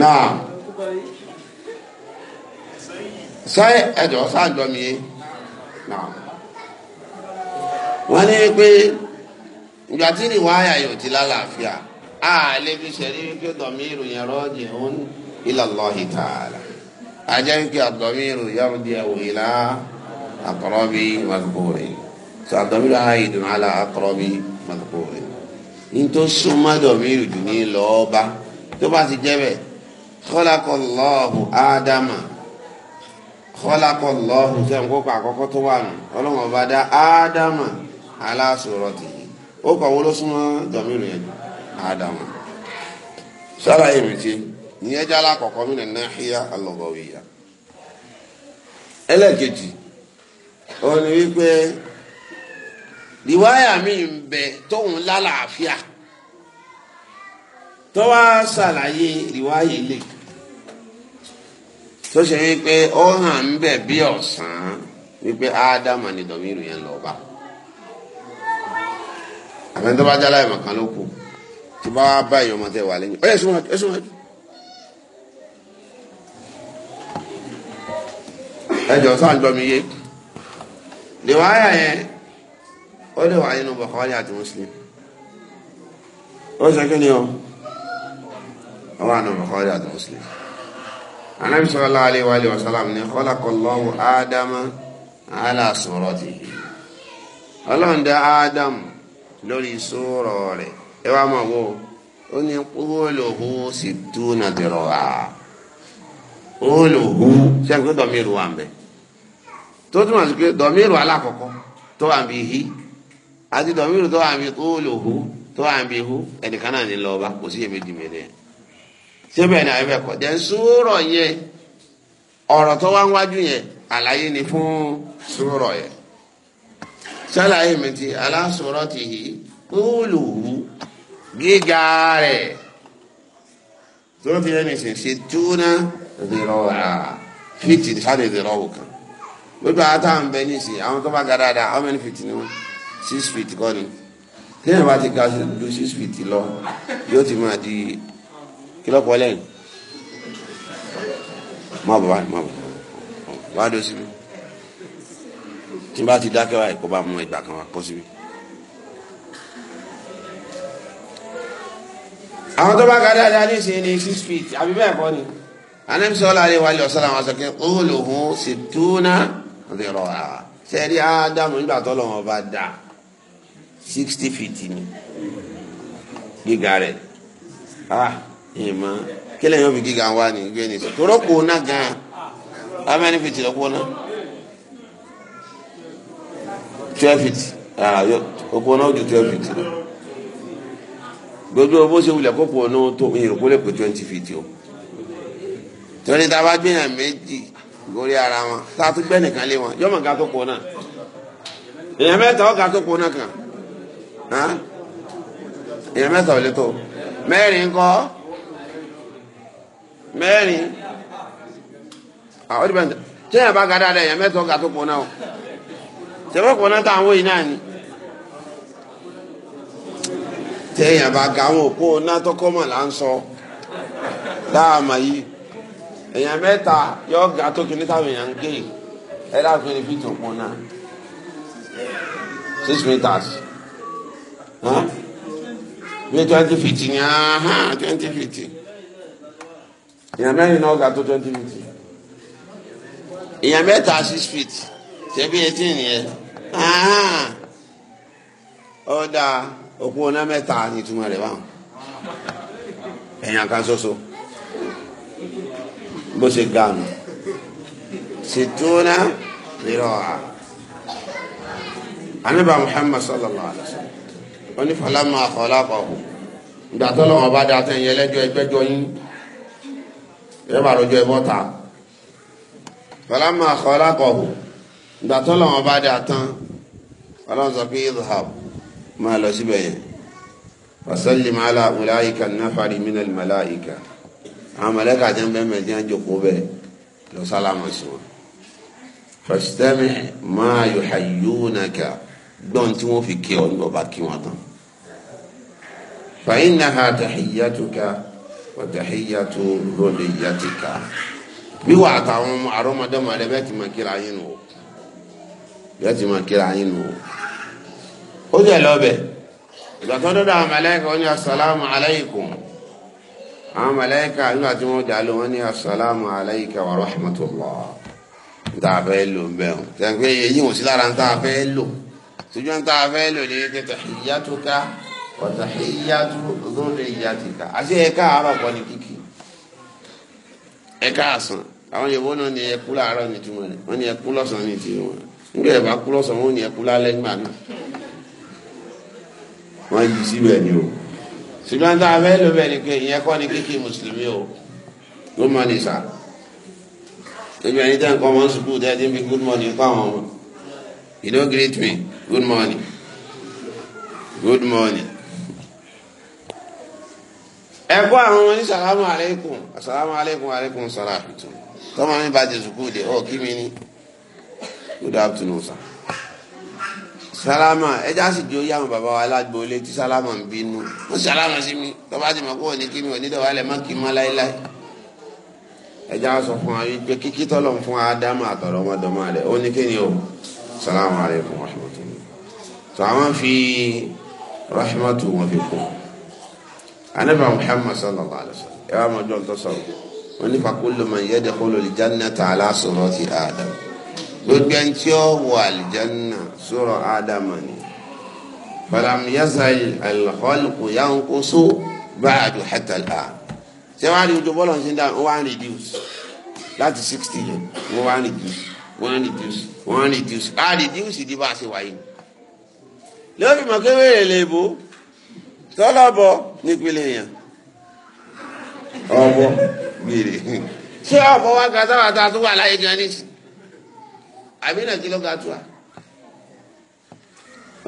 náà sọ ẹ jọ sáà gbọ́ mi yé náà wọ́n ní pé ìgbà tí ni wàá yà yóò ti lálàáfíà á lè fi ṣẹ̀rí wípé dọ̀míìrù yẹn rọ́ọ̀jì òun ila Allahi ta'ala ajá wípé àdọ̀míìrù yarji ila aqrabi madhkuri tó àdọ̀míìrù ayé dùn ala aqrabi madhkuri nítorí súnmọ́ dọ̀míìrù dùn ní lọ́ọ́bá tó bá ti jẹ́ bẹ́ẹ̀ khalaqallahu ádámà khalaqallahu sẹ́wọ̀n kópa àkọ́kọ́ tó ala ó kọ̀ wọ́n ló súnmọ́ domino yẹn ádámù sára èmi tí ìyẹn jẹ́ alákọ̀ọ́kọ́ mi nìyẹn náhíyá alọ́gọ́wìyà wípé riwaya mi ń bẹ tóun lálàáfíà tó wá riwaya ilé tó ṣe wípé ó hàn ń bẹ bí wípé ni àfẹn tó bá jálá ìmọ̀ kan ló kù tó bá wá bá ìyọmọ tẹ wà lẹ́yìn ọyẹ ẹsùn ẹsùn ẹjọ. ẹjọ sáà ń gbọ́ mi yé rìwáyà yẹn ó lè wà nínú Bukhari àti Muslim ó sọ kí ni o ó wà nínú Bukhari àti Muslim anabi sallallahu alayhi wa sallam ni khalaqallahu Adama ala suratihi ọlọ́run dá Ádámù. lórí sóòrọ̀ rẹ̀ ẹ wá máa wo ó ní kúlóòlòhù sì tú nàdìrọ̀ si kúlóòlòhù sẹ́yìn pé dọ̀míìrù wà ń bẹ̀ tó túmọ̀ sí pé a alákọ̀ọ́kọ́ tó wà bí hí àti dọ̀míìrù tó wà ń bí kúlóòlòhù tó wà bí hú ẹnìkan náà ní lọ́ọ́ba kò sí èmi dì mẹ́rin ẹ̀ àwọn ni fún yẹn. ṣàlàyé mi ti aláṣọrọ ti yìí kóòlù gíga rẹ tó fi ẹni sìn ṣe túná rírọra fìtì sáré rírọwò kan gbogbo àwọn táwọn bẹ ní ìsìn àwọn tó bá ga dáadáa how many feet ni wọn six feet kọ́ ni téèyàn bá ti ga ju six feet lọ yóò ti máa di kílọ̀pọ̀ lẹ́yìn má bọ̀ má bọ̀ wá dó síbi tí n bá ti dákẹ́ wáyé kó bá mú ẹgbà kan wá kó síbi. àwọn tó bá ga dáadáa ní ìsìn ní six feet àbí bẹ́ẹ̀ kọ́ ni anam sọlá alẹ́ wàlẹ́ ọ̀sán àwọn sọ pé olùhùn sì túnà rírọ̀ à sẹ́ẹ̀rí ádámù nígbà tó lọ́wọ́ bá dà sixty feet ni gíga rẹ̀ ah ìmọ̀ kílẹ̀ yóò fi gíga wá ní gbé ní sọ torọ́pọ̀ náà gan-an how many feet lọ́pọ̀ náà twelve feet oko ah, náà ju twelve feet lọ gbogbo bó ṣe wulẹ̀ kókò náà tó ìyẹn lè pé twenty feet o torí tá a bá gbìyàn méjì gorí ara wọn tá a tún gbẹ́ nìkan lé wọn yọmọ ga tó pọ̀ náà èèyàn mẹ́ta ọ̀gá tó pọ̀ náà kàn èèyàn mẹ́ta ò lè tó mẹ́rin kọ́ mẹ́rin àwọn ìdìbò tẹ́yìn bá ga dáadáa èèyàn mẹ́ta ọ̀gá tó pọ̀ náà o tẹ́wọ́pọ̀ náà táwọn yìí náà ni tẹ́yìn àbàgà àwọn òpó náà tọ́kọ́ mọ̀ là ń sọ láàmà yìí èèyàn mẹ́ta yọ ga tó kí ní táwọn èèyàn ń gé ẹ dákun ní fíìtì òpó náà six meters bí twenty feet ni twenty feet èèyàn mẹ́rin náà ga tó twenty feet èèyàn mẹ́ta six feet ṣebí eighteen yẹn ó ọ̀dà òpó ọ̀nà mẹ́ta ni ìtumọ̀ rẹ̀ báwọn ẹ̀yàn kan ṣoṣo bó ṣe gànù ṣètúnà rírọ̀ à. anábà Muhammad sallallahu alayhi wa sallam onífàlámà àkọlákọ̀ọ́kù ìgbà tó lọ́wọ́ bá dáa tẹ̀yìn ẹlẹ́jọ́ ẹgbẹ́jọ́ yín ẹ bá rọjò ẹ bọ́ta fàlámà àkọlákọ̀ọ́kù ìgbà tó lọ́wọ́ bá dà tán ọlọ́run sọ pé idhab máa lọ síbẹ̀ yẹn fasallim ala mùláìka nafari minal màláìka àwọn màláìka jẹ́ bẹ́ẹ̀ mẹ́ẹ̀ jẹ́ jòkó bẹ́ẹ̀ lọ sálámà sí wọn. fastami ma yuhayyunaka gbọ́n tí wọ́n fi kí ọ nígbà bá kí wọn tán. fa innaha tahiyyatuka wa tahiyyatu rodiyatika bí wàá tàwọn arọ́mọdé màlẹ́bẹ̀ẹ́ ti máa kíra yín nù o yóò ti máa kíra yín nù o ó jẹ lọbẹ ìgbà tó dọdọ àwọn màláíkà ó ní asalaamu alaykum àwọn màláíkà nígbà tí wọn jà ló wọn ní asalaamu alayka wa rahmatulah nta fẹ́ lò ń bẹ o tẹnpẹ èyí ò sí lára nta fẹ́ lò tujú nta fẹ́ lò ní kí tahiyyatuka wa tahiyyatu dhurriyyatika àti ẹka àárọ̀ kọ ní kíkì ẹka àsán àwọn Yorùbá náà ní ẹkú làárọ̀ ní tiwọn ní ẹkú lọ́sàn nígbà yẹn bá kú wọn ò ẹkú lálẹ́ gbà náà wọ́n yí síbẹ̀ ni o ṣùgbọ́n tá a fẹ́ ló bẹ̀ ni pé ìyẹn kọ́ ni kékeré mùsùlùmí o ló mọ ní sà ẹni tẹ́ nǹkan ọmọ sùkúù tẹ́ ti ń fi good morning kọ́ àwọn ọmọ you no greet me good morning good morning ẹ̀kọ́ àwọn ọmọ ní salamu aleykum salamu aleykum aleykum sọ̀rọ̀ àfitù tọ́mọ mi bá ti sùkúù dé ọ̀ kí mi ni good afternoon sir sálámà ẹja sì jó yá àwọn bàbá wa aládùúgbò ilé tí sálámà ń bínú ó sálámà sí mi tọ́ba ti mọ̀ kó òní kí mi òní dọ̀wọ́ alẹ́ má kí n má láéláé ẹja sọ fún wa wípé kíkí tọ́lọ̀ ń fún ádámù àtọ̀rọ̀ ọmọdọ́mọ rẹ̀ ó ní kí ni o sálámà aláìkum rahmatullahi tó àwọn fi rahmatu wọn fi kú anábà muhammad sallallahu alayhi wa sallam ẹ wá mọ ọjọ́ ń tọ́ sọ̀rọ̀ wọn ní fakulu man yadkhulu al-jannata ala surati ádámù gbogbo ẹni tí ó wọ àlìjánná sọ̀rọ̀ ádámà ni falam yazal alxọlùkù yankusu báàdù hẹtàlá ṣé wàá rí ojú bọ́lọ̀ ṣe ń dá wọ́n wá ń reduce láti sixty yẹn wọ́n wá ń reduce wọ́n wá ń reduce wọ́n wá ń reduce á reduce di bá a ṣe wáyé lórí mọ̀ kéwèrè lèbo tọ́lọ́bọ̀ nípínlẹ̀ yẹn ọ̀bọ gbèrè ṣé ọ̀bọ wa gàdáwà tá wà láyé gan nísìnyí àbínà kí ló ga tó a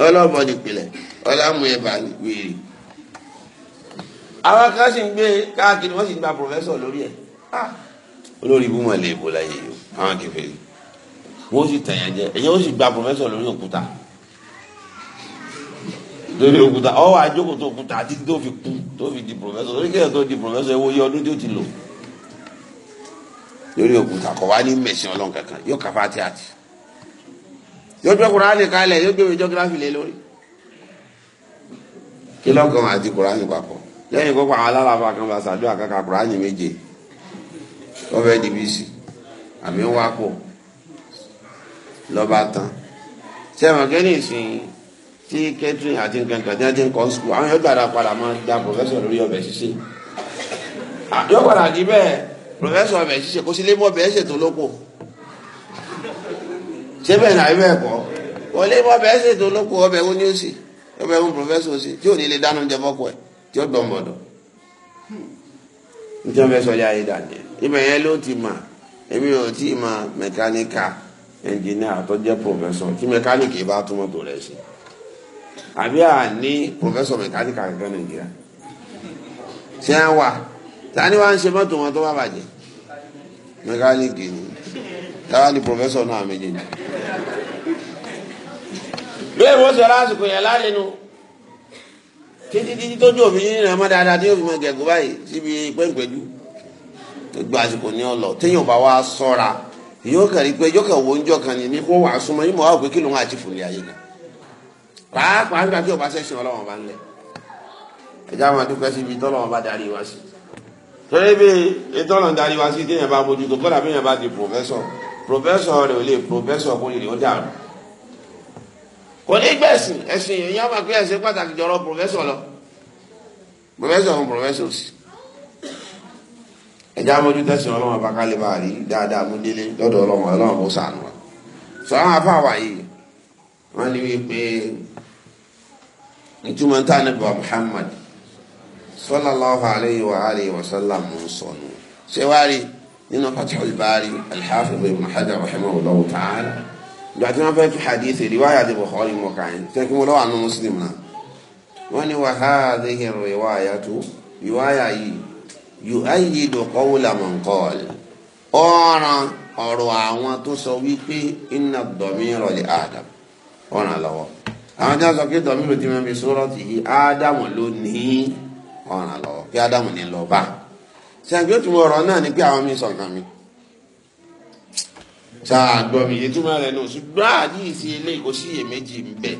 ọlọ́mọ nípìnlẹ̀ ọlọ́mọ ẹ̀bà wèrè àwọn kan sì ń gbé káàkiri wọ́n sì ń gba pòfẹ́sọ̀ lórí ẹ̀ olórí ibú wọn lè bò láyé o àwọn kẹfẹ́ yìí wọ́n sì tẹ̀yàn jẹ ẹ̀yẹ́ ó sì gba pòfẹ́sọ̀ lórí òkúta lórí òkúta ọwọ́ àjókòó tó òkúta àti tó fi kú tó fi di pòfẹ́sọ̀ lórí kẹ́yìn tó di pòfẹ́sọ̀ ẹ̀wọ́ yẹ ọdún tí ó ti lò lórí òkúta kọ̀ wá ní mẹ̀sìn ọlọ́run kankan yóò kà fáti àti yóò gbé kuraani kalẹ̀ yóò gbé geography lé lórí kí lọ́kàn àti kuraani papọ̀ lẹ́yìn kópa àwọn alálàfà kan bá ṣàdúrà kankan kuraani méje wọ́n fẹ́ di bíìsì àmì ń wá pọ̀ lọ́ba tán sẹ́wọ̀n kẹ́ni ìsìn tí catherine àti nǹkan kan tí wọ́n ti àwọn yóò gbàdá padà máa da professor lórí ọbẹ̀ ṣíṣe yóò padà di bẹ́ẹ̀ professor ọbẹ̀ ṣíṣe kó sì lé mọ́ ṣètò lóko ṣé bẹ́ẹ̀ náà bẹ́ẹ̀ kọ́ wọlé mọ́ bẹ́ẹ̀ ṣètò olóko ọbẹ̀ wo ni ó sì ọbẹ̀ wo pòfẹ́sọ̀ ó sì tí ò ní lè dáná jẹ fọ́kọ ẹ̀ tí ó dán bọ̀dọ̀ nítorí wọn fẹ́ sọjá yé dàdé ibẹ̀ yẹn ló ti mà èmi ò tí ì mà mẹkáníkà ẹnjìníà tó jẹ́ pòfẹ́sọ̀ tí mẹkáníkì bá túmọ̀ tó rẹ̀ sí àbí à ní pòfẹ́sọ̀ mẹkáníkà kankan nàìjíríà ṣé wà tani wá ń ṣe mọ́tò wọn tó bá bàjẹ́ mẹkáníkì ni táwa ni pòfẹ́sọ̀ náà méjèèjì bẹ́ẹ̀ mo sọ lásìkò yẹn lálẹ́nu títí títí tójú òbí yín nìyẹn má dáadáa tí yóò fi máa gẹ̀gùn báyìí síbi pẹ́ǹpẹ́jú gbogbo àsìkò ní ọlọ téèyàn bá wá sọ́ra yóò kàn rí pé yóò kàn wo oúnjẹ kan ní kó wàá súnmọ́ yín mọ̀ wá pé kí lóun àti fòlì ayé náà pàápàá nígbà tí ọba sẹ́sìn ọlọ́wọ́n bá ń lẹ̀ ẹ̀já máa dúpẹ́ síbi tọ́lọ́wọ́n bá darí wá sí torí bí ìtọ́lọ́n darí wá sí téèyàn bá bójú kọ́dà bí èèyàn bá di pòfẹ́sọ̀ professor rẹ̀ ò lè professor kò lè ó dàrú kò ní gbẹ̀sìn ẹ̀sìn yìí yá máa pé ẹ̀sìn pàtàkì jọrọ professor lọ professor fún professor sí ẹ̀já mójú tẹ̀sìn ọlọ́run bá kálí bá rí dáadáa mú délé lọ́dọ̀ ọlọ́run ọlọ́run kò sànù wa sọ àwọn afáwà yìí wọ́n ní wípé ìtumọ̀ tá a ní bọ̀ Muhammad sallallahu alayhi wa alihi wa sallam sọnù ṣé wàá rí i nínú Fathul Bari al-Hafiz Ibn Hajar rahimahullahu ta'ala ìgbà tí wọ́n fẹ́ tu hadith riwaya ti Bukhari mọ̀ káyìn tẹ́ kí wọ́n lọ́wọ́ àánú Muslim náà wọ́n ní wa hadhihi riwayatu riwaya yìí yu'ayyidu qawla man qala ọ̀ràn ọ̀rọ̀ àwọn tó sọ wípé inna ad-damira li Adam ọ̀ràn lọ́wọ́ àwọn tí wọ́n sọ pé dọ̀mí ló ti mẹ́bi sọ́rọ́ tì í Ádámù ló ní ọ̀ràn lọ́wọ́ kí Ádámù ní lọ́ọ́ bá ṣàbí ó túnmọ̀ ọ̀rọ̀ náà ni pé àwọn mi sọ nǹkan mi ṣàgbọ́ mi ìtumọ̀ rẹ̀ nù ṣùgbọ́n àdìsí ilé kò sí iyèméjì ń bẹ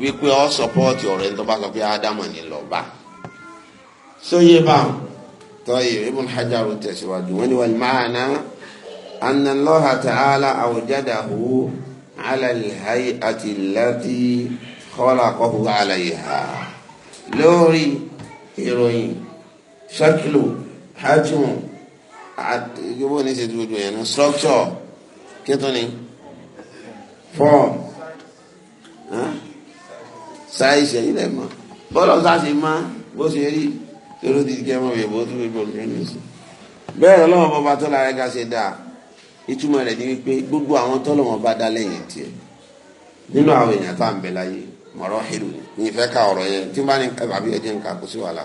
wípé ọ sọpọ́ọ̀tì ọ̀rẹ́ tó bá sọ pé ádámọ̀ ni lọ́ba sóyè báwọn tọ́yì Ibn Hajar tẹ̀síwájú wọn ni wal ma'na anna Allaha ta'ala awjadahu ala al-hay'ati allati khalaqahu alayha lórí ìròyìn ṣákìlù hajjum yóò ní ìṣètò ojú ẹ̀yàn structure kí ni form size ẹ̀yìn lẹ̀ mọ́ bọ́lá ọ̀sá ṣe má bó ṣe rí lórí ti kẹ́ mọ́ ìyẹ̀bọ́ tó fi bọ̀lù kẹ́ni sí. bẹ́ẹ̀ ọlọ́wọ́ bọba tó lára ẹ̀ka ṣe dáa ìtumọ̀ rẹ̀ ni wípé gbogbo àwọn tọ́lọ́wọ́ bá dá lẹ́yìn tiẹ̀ nínú àwọn èèyàn tá à ń bẹ láyé mọ̀rọ̀ hìlù ní ìfẹ́ ka ọ̀rọ̀ yẹn tí n bá ní ẹ̀ bàbí ẹ̀ jẹ́ nǹkan kó sí wàhálà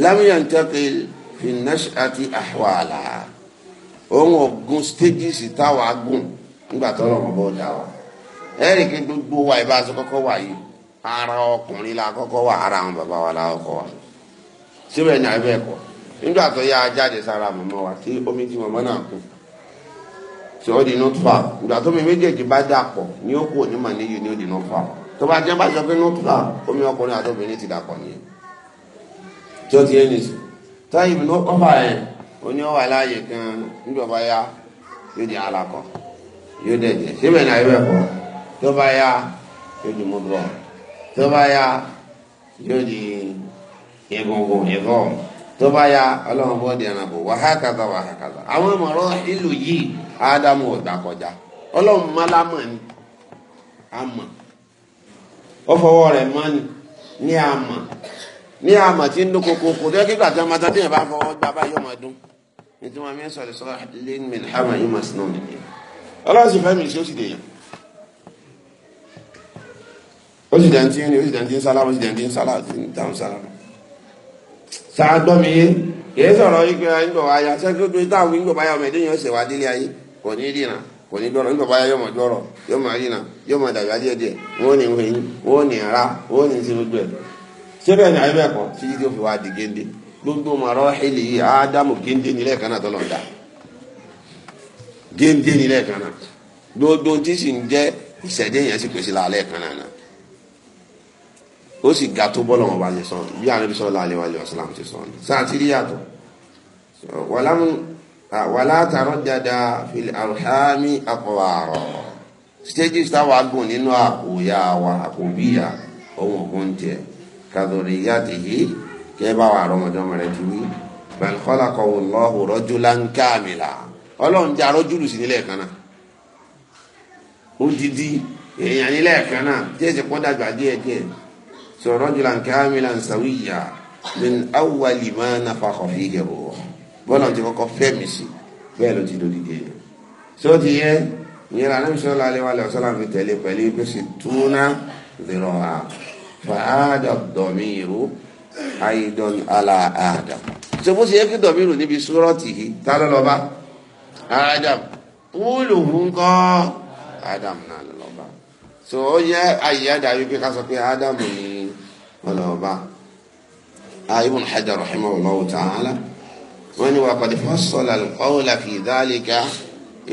lámìyàntẹ́kìl fi nashati ahwala òun ọ̀gùn stages táwa gùn nígbà tó lọ́wọ́ bó dá wa ẹ̀rì kí gbogbo wa ìbá aṣọ kọ́kọ́ wà yìí ara ọkùnrin la kọ́kọ́ wà ara àwọn bàbá wa la kọ́kọ́ wà síbẹ̀ ní abẹ́ ẹ̀kọ́ nígbà tó yá jáde sára màmá wa tí omi tí màmá náà kù tí ó di nutfa ìgbà tó mi méjèèjì bá dà pọ̀ ní ó kù onímọ̀ níyì ní ó di nutfa tó bá jẹ́ bá jọ pé nutfa omi ọkùnrin àti obìnrin ti dà pọ̀ nìyẹn tó ti ẹni sùn táyì ló kọ́fà yẹn oní ọ̀wà láàyè kan níjọba ya yóò di alakọ yóò dẹ̀ jẹ síbẹ̀ náà ibẹ̀ kọ́ tó bá ya yóò di mọ́tò tó bá ya yóò di egungun ìfọ̀ tó bá ya ọlọ́run bọ́ di ẹranko wàhákàtà wàhákàtà àwọn ọmọọ̀rọ̀ ìlú yìí ádámù ọ̀dà kọjá ọlọ́run málámọ̀ ni àmọ̀ ó fọwọ́ rẹ̀ ni ní àmọ̀ ní àmà tí ń dún koko kò tó yẹ kí gbàtí ọmọ tàbí yẹn fọwọ́ yọ dún ní wọn mi sọ̀rọ̀ sọ̀rọ̀ lẹ́yìn mi hàmà yìí màsí náà nìyẹn ọlọ́run sì fẹ́ mi sí ó dèyàn ń ń mi yé kì í sọ̀rọ̀ pé ńgbọ̀ táwọn ńgbọ̀ ọmọ yọmọ yọmọ yọmọ dàgbà wọ́n ní ara wọ́n ní ṣé bẹ́ẹ̀ ni àyè bẹ́ẹ̀ kọ́ títí tí ó fi wá di géńdé gbogbo màrọ́ hìlì yìí ádámù géńdé nílẹ̀ kan náà tọ́lọ̀ ń dá géńdé nílẹ̀ kan náà gbogbo tí sì ń jẹ́ ìṣẹ̀dẹ̀ yẹn sì pèsè làálẹ̀ kan náà ó sì ga tó bọ́ lọ́wọ́ bá ṣe sọ bí Ànábì sallallahu alaihi wasallam ti sọ ni sáà rí yàtọ̀ wàlámù wàlá tàrọ́jàdà fìlẹ̀ àrùhámi àkọwàrọ̀ stages táwa gùn nínú àkòyà wa àkòbíyà ohun ọ̀gbọ́n tiẹ̀ kàdùrì yàtì yìí kí ẹ bá wà rọmọdọmọ rẹ ti wí bal khalaqahu Allahu rajulan kamila ọlọ́run jẹ́ arọ́júlù sí nílẹ̀ kan náà odidi èèyàn nílẹ̀ kan náà tí èsì pọ́n dàgbà díẹ̀ díẹ̀ sọ rajulan kamilan sawiyya min awwali ma nafakha fihi ruh bọ́lá ti kọ́kọ́ fẹ́mi sí bẹ́ẹ̀ ló ti dòdìdì yẹn tí ó ti yẹ ìyẹn lànà ìṣọ́lá alẹ́ wa lọ́sọ́lá fi tẹ̀lé pẹ̀lú ìpèsè túnà zero hour fàádà dọ̀míìrú àìdọ̀n aláàdà ṣe bó ṣe yẹ kí dọ̀míìrú níbi súrọ́ọ̀tì yìí tá ló lọ́ba adam wúlò ń kọ́ adam náà ló lọ́ba so ó yẹ àyíyáda wípé ká sọ pé adam ni ọlọ́ba ibn hajar rahimahullah ta'ala wọ́n ní wà qad fassala al-qawla fi dhalika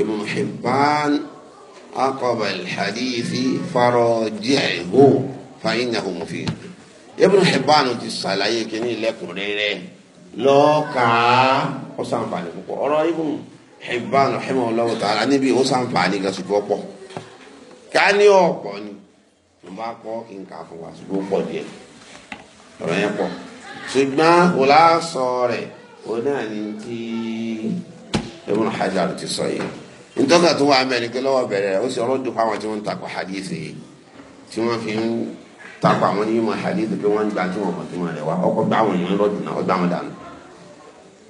ibn hibban aqaba al-hadithi farajji'hu. فإنه مفيد Ibn Hibban ti ṣàlàyé kíní lẹ́kùnrẹ́rẹ́ lọ́ọ̀ka ó sàǹfààní púpọ̀ ọ̀rọ̀ Ibn Hibban rahimahullahu ta'ala níbi ó sàǹfààní gan ṣùgbọ́n pọ̀ ká ní ọ̀pọ̀ ni mo bá kọ́ nǹkan fún wa ṣùgbọ́n pọ̀ díẹ̀ ọ̀rọ̀ yẹn pọ̀ ṣùgbọ́n kò láàsọ rẹ̀ ó náà ní ti Ibn Hajar ti sọ yìí nítorí tó wà mẹ́rin pé lọ́wọ́ bẹ̀rẹ̀ ó sì ọlọ́dún fáwọn tí wọ́n ń takò hadith yìí tí wọ́n fi ń tako àwọn onímọ̀ hadith pé wọ́n gba tí wọ́n kàn tó mọ̀ rẹ̀ wá ọkọ̀ gbá àwọn èèyàn lọ́dún náà ó gbá wọn dànù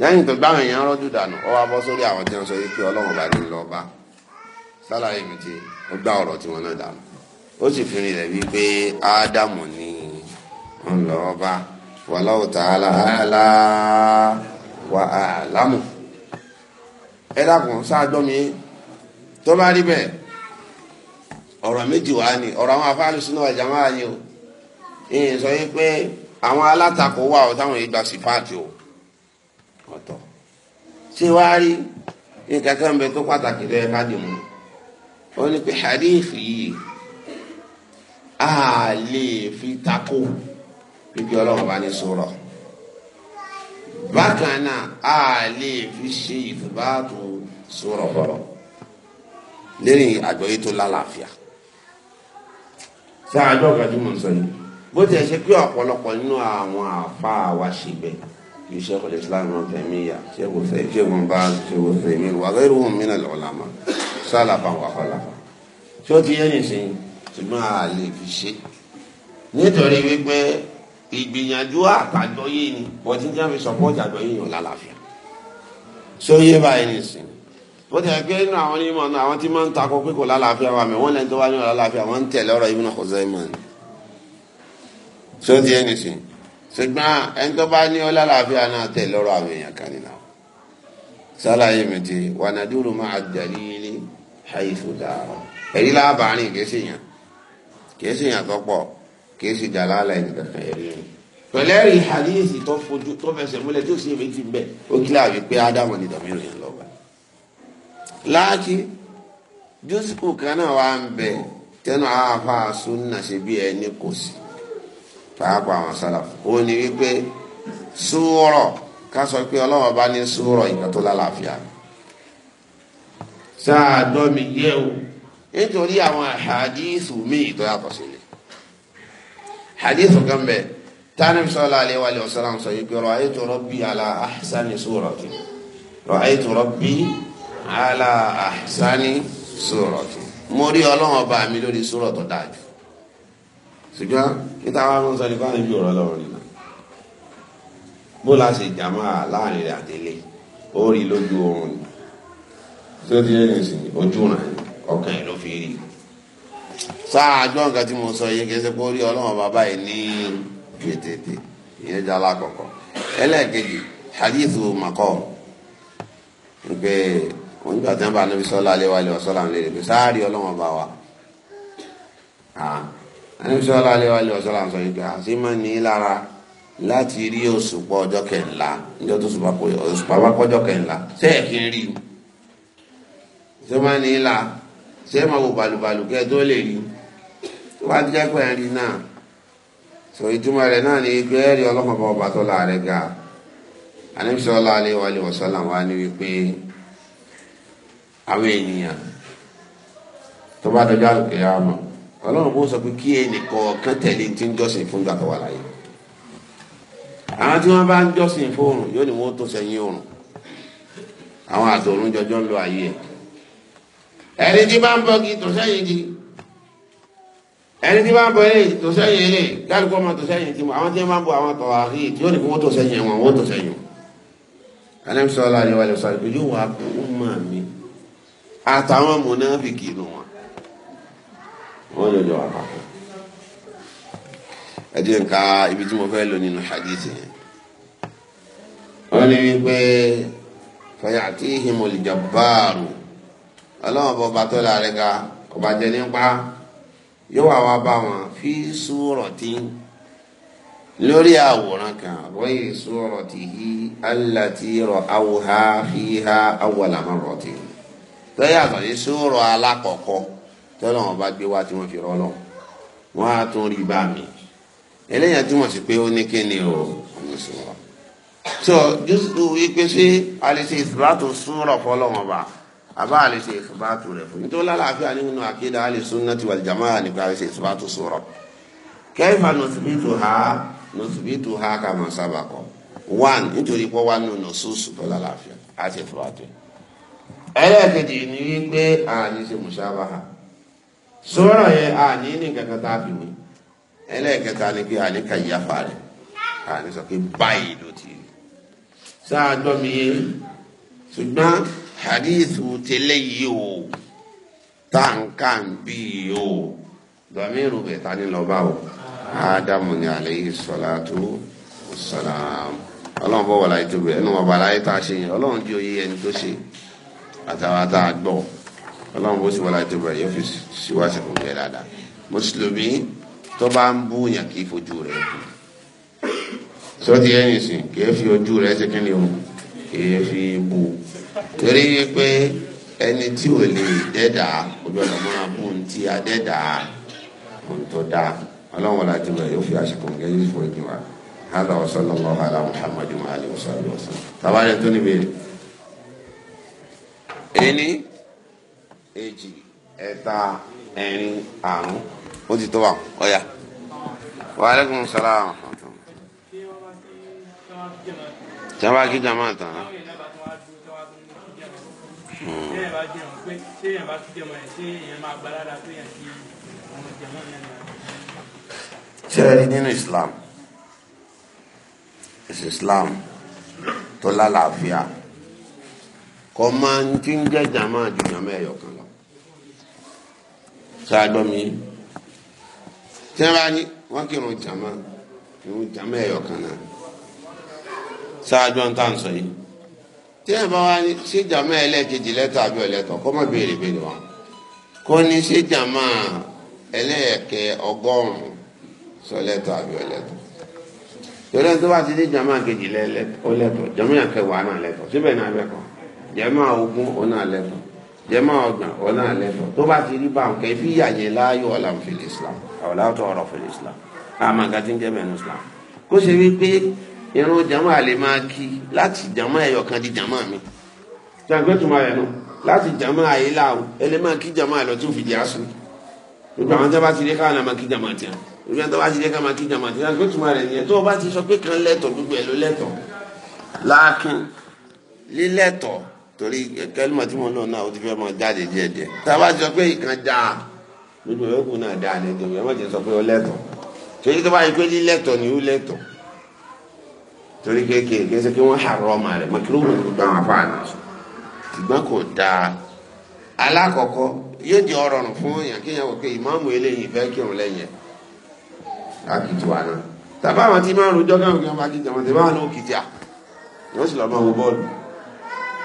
lẹ́yìn tó gbá àwọn èèyàn lọ́dún dànù ó wá bọ́ sórí àwọn tí wọ́n sọ yìí pé ọlọ́wọ́n bá ní lọ́ọ́ bá sálàyé mi ti ó gbá ọ̀rọ̀ tí wọ́n náà dànù ó sì fi rìn rẹ̀ bíi pé ádámù ni wọ́n lọ́ọ́ bá wallahu ta'ala a'la wa a'lamu ẹ dákun sáájọ́ mi tó bá rí bẹ́ẹ̀ ọ̀rọ̀ méjì wá ni ọ̀rọ̀ àwọn afáàlùsùn náà jàmáà ni o ìyẹn sọ yìí pé àwọn alátakò wà ọ táwọn ìgbà sífáàtì o ọ̀tọ̀ ṣé wàá rí nǹkan kan bẹ tó pàtàkì lọ ẹka dì mú ó ní pé hadith yìí a lè fi takò bíbí ọlọ́run bá ní sọ̀rọ̀ bákan náà a lè fi ṣe ìfúbàtò sọ̀rọ̀ bọ̀rọ̀ lẹ́yìn àjọyé tó lálàáfíà. sáà àjọ kan tí mo yìí bó tiẹ̀ ṣe pé ọ̀pọ̀lọpọ̀ nínú àwọn àfa wa ṣe bẹ̀ yìí ṣe kọlẹ̀ islam náà tẹ̀mí yà ṣe kò fẹ́ ṣe wọn bá ṣe kò fẹ́ mi wà lórí wọn mí náà lọ́la ma sálàfà wà kọlàfà tí ó ti yẹ nìsín ṣùgbọ́n a lè fi ṣe nítorí wípé ìgbìyànjú àtàjọ yìí ni bọ́tí ní àfi sọpọ́ọ̀tì àjọ yìí yàn lálàáfíà ṣé ó yé báyìí nìsín bó tiẹ̀ pé nínú àwọn onímọ̀ náà àwọn tí máa ń takò pé kò lálàáfíà wà mí wọ́n lẹ́ni tó wá ní so ti ẹni sìn ṣùgbọ́n ẹni tó bá ní ọlá làáfíà náà tẹ̀ lọ́rọ̀ àwọn èèyàn kan nínú sálàyé mi ti wà nàdúró máa jàlí ilé ṣàyẹ̀fò dára ẹ̀rí lábàárín kìí ṣèyàn kìí ṣèyàn tó pọ̀ kìí ṣe jà lálẹ́ ẹni kankan ẹ̀rí rẹ̀ pẹ̀lẹ́ rí hadith tó fojú tó fẹsẹ̀ múlẹ̀ tó sì méjì ń bẹ̀ ó kílà wípé ádámù ni dàmírò yẹn lọ́ba láàkì joseph kan náà wà ń bẹ tẹnu àáfàá sunna ṣe bí ẹni kò sí pàápàá àwọn sálà ó ní wípé sùúrọ̀ ká sọ pé ọlọ́wọ́n bá ní sùúrọ̀ nǹkan tó lálàáfíà sáà dọ́mi yẹ o nítorí àwọn àhàdíìsù míì tó yàtọ̀ sílẹ̀ àhàdíìsù kan bẹ́ẹ̀ tani sallallahu alaihi wa alihi wasallam sọ yìí pé ra'aytu rabbi ala ahsani surati ra'aytu rabbi ala ahsani surati mo rí ọlọ́wọ́n bá mi lórí sùúrọ̀ tó dáa jù ṣùgbọ́n kíta wa mọ́ sọ́ni báyìí bí ọ̀rọ̀ lọ́rọ̀ nìyà bó la ṣe jàmá láàrin rẹ̀ àtẹlé ó rí lójú oorun ni tí ó ti yẹ ní sìn ojú rẹ̀ ọkàn ẹ̀ ló fi rí sáájọ́ nǹkan tí mo sọ yìí kì í ṣe pé ó rí ọlọ́run bàbá yìí ní gbètètè ìyẹn jẹ́ alákọ̀ọ́kọ́ ẹlẹ́ẹ̀kejì hadithu makọ́ pé onígbà tí wọ́n bá níbi sọ́lá alẹ́ wa lè wọ́n sọ́lá ń lè rè pé sáà ọlọ́run bá wa àníbísọ́ aláàlẹ́wàlẹ́ ọ̀sọ́lá sọ yìí pé àti máa ní lára láti rí òṣùpá ọjọ́ kẹ̀ńlá níjọ́ tó òṣùpá bá kọjọ́ kẹ̀ńlá sẹ́ẹ̀ kí n rí i ṣé máa ní la ṣé máa wò bàlùbàlù kẹ́ tó lè rí tó bá jẹ́ pé ń rí náà sọ ìtumọ̀ rẹ̀ náà ni pé ẹ̀rí ọlọ́kàn bá ọba tó láàrẹ̀ ga àníbísọ́ aláàlẹ́wàlẹ́ ọ̀sọ́lá wa ni wípé àwọn ènìyàn tó bá dọjọ́ àlùkè yà mọ̀ ọlọ́run bó sọ pé kí ẹnìkọ̀ọ̀kan tẹ̀lé ti ń jọ́sìn fún gbàgbọ́ wà láyé àwọn tí wọ́n bá ń jọ́sìn fóòrùn yóò ní wọ́n tó sẹ́yìn òrùn àwọn àtòrùn jọjọ́ ń lo ayé ẹ̀ ẹni tí bá ń bọ́ kí tó sẹ́yìn kí ẹni tí bá ń bọ eré tó sẹ́yìn eré kálukú ọmọ tó sẹ́yìn tí àwọn tí wọ́n bọ àwọn tọ̀ àrí tí ó ní wọ́n tó sẹ́yìn wọn wọ́n tó sẹ́yìn. alẹ́mi sọ́lá ni wàlẹ̀ sọ́lá pé yóò wá kó ọmọ mi àtàwọn mọ̀nàfìkì nù wọn. wọ́n jọjọ wà papọ̀ ẹ jẹ́ nǹka ibi tí mo fẹ́ nínú hadith yẹn wọ́n ní wípé fayatihimul jabbaru ọlọ́wọ́n ọba fi suratin lórí àwòrán kan wọ́n suratihi allati ra'awha fiha awwala marratin tó yàtọ̀ tọ́lọ́ wọn bá gbé wá tí wọ́n fi rọ́ lọ́wọ́ wọ́n á tún rí bá mi eléyàn tí wọ́n sì pé ó ní kí ni o ọmọ sí wọn. tó jùsùlù wípé ṣé a lè ṣe ìsìbátò súnrọ̀ fọlọ́wọ́n bá àbá a lè ṣe ìsìbátò rẹ̀ fún nítorí lálàáfíà nínú àkéde a lè sunnati wal jamaa nípa a lè ṣe ìsìbátò súnrọ̀. kayfa nùsùbìtù ha nùsùbìtù ha kà mọ̀ sábà kọ́ one nítorí pé wà nù nùsùsù tó lálàáfíà a ṣe ìsìbátò. ẹlẹ́ẹ̀kejì ni wípé a lè ṣe mùṣábàhà sọ́rọ̀ yẹn a ní ní kankan tá a fi wí ẹlẹ́ẹ̀kẹta ni pé àní ka ìyáfa rẹ̀ àní sọ pé báyìí ló ti rí sáà gbọ́ mi yé ṣùgbọ́n hadithu tẹ́lẹ̀ yìí o táǹkà bí o dọ̀míìrù bẹ̀ ta ni lọ́ba o ádámù ni alayhi salatu wassalam ọlọ́run bọ̀ wà láyé tó bẹ̀ ẹnu wà bàláyé tá a ṣe yẹn ọlọ́run di oyè ẹni tó ṣe àtàwọn tá ọlọ́run bó sì wọlé àti bẹ̀rẹ̀ yóò fi síwáṣẹ̀ fún bẹ́ẹ̀ dáadáa mùsùlùmí tó bá ń bú yàn kì í fojú rẹ̀ kù sọ́tì ẹ̀yìn sìn kì í fi ojú rẹ̀ ṣe kí ni o kì í fi bù torí pé ẹni tí ò lè dẹ́dà ojú ọ̀nà máa bú ní ti adẹ́dà ohun tó dáa ọlọ́run wọlé àti bẹ̀rẹ̀ yóò fi àṣekù gẹ́ yóò fojú wa hàdà wàsálàmù àlà muhammadu alayhi wa sàlẹ̀ èjì ẹ̀ta ẹ̀rin àrún ó ti tó wà ọ̀yà. wàhálẹ́kùn sọ́lá àwọn ọ̀tún. jábá kí jàmá tán. sẹ́ẹ̀rì hmm. nínú Islam Islam tó lálàáfíà. La kọ́ máa ń tí ń jẹ́ jàmá ju jàmá ẹ̀yọ̀ kan lọ. sáájọ́ mi tí wọ́n bá ní wọ́n kírun jàmá kírun jàmá ẹ̀yọ̀ kan náà sáájọ́ ń tàn sọ yìí tí ẹ bá wá ní ṣé jàmá ẹlẹ́ẹ̀kejì lẹ́tọ̀ àbí ọ̀lẹ́tọ̀ kọ́ mọ̀ béèrè béèrè wa kó ní ṣé jàmá ẹlẹ́ẹ̀kẹ ọgọ́rùn-ún sọ lẹ́tọ̀ àbí ọ̀lẹ́tọ̀ yọ̀dọ̀ tó bá ti dé jàmá kejì lẹ́lẹ́tọ̀ ọ̀lẹ́tọ̀ kẹwàá náà lẹ́tọ̀ síbẹ̀ náà bẹ́ẹ̀ jẹ́mọ́ ogún ọ̀nà àlẹ́fọ̀ jẹ́mọ́ ọgbọ̀n ọ̀nà àlẹ́fọ̀ tó bá ti rí báwọn kẹfí yàyẹ láàyò ọ̀là fìlẹ̀ islam ọ̀làtọ̀ ọ̀rọ̀ fìlẹ̀ islam àmọ́ nǹkan ti ń jẹ́ bẹ̀rù islam kó ṣe wípé irun jama àlè máa kí láti jama ẹ̀yọ̀ kan di jama mi jàǹgbẹ́ tó máa yẹ nù láti jama àyè láàwọ̀ ẹlẹ́ máa kí jama àlọ́ tó fi di aṣọ gbogbo àwọn tó bá ti rí káwọn náà máa kí jama tiẹ̀ gbogbo àwọn tó torí kẹlímọ̀ tí mo lò náà ó ti fẹ́ mọ jáde díẹ̀ díẹ̀ tá a bá sọ pé ìkan dáa gbogbo ìyókù náà dáa ní ìdòwú ẹ má jẹ́ sọ pé ó lẹ́tọ̀ torí tó bá yẹ pé lílẹ́tọ̀ ni ó lẹ́tọ̀ torí kékeré kése kí wọ́n hàrọ̀ ọmọ rẹ̀ mọ̀kìlúwò ní gbogbo àwọn afáàní ṣùgbọ́n kò dáa alákọ̀ọ́kọ́ yóò di ọ̀rọ̀ rùn fún èèyàn kéèyàn wò pé ìmáàmù eléyìí fẹ́ kírun lẹ́yìn ẹ̀ lákìtù àná tàbá àwọn tí máa ń rojọ́ káwọn kí wọ́n máa kí jọmọ́ tẹ̀ báwọn náà kìtì à yóò sì lọ́ọ́ máa wo bọ́ọ̀lù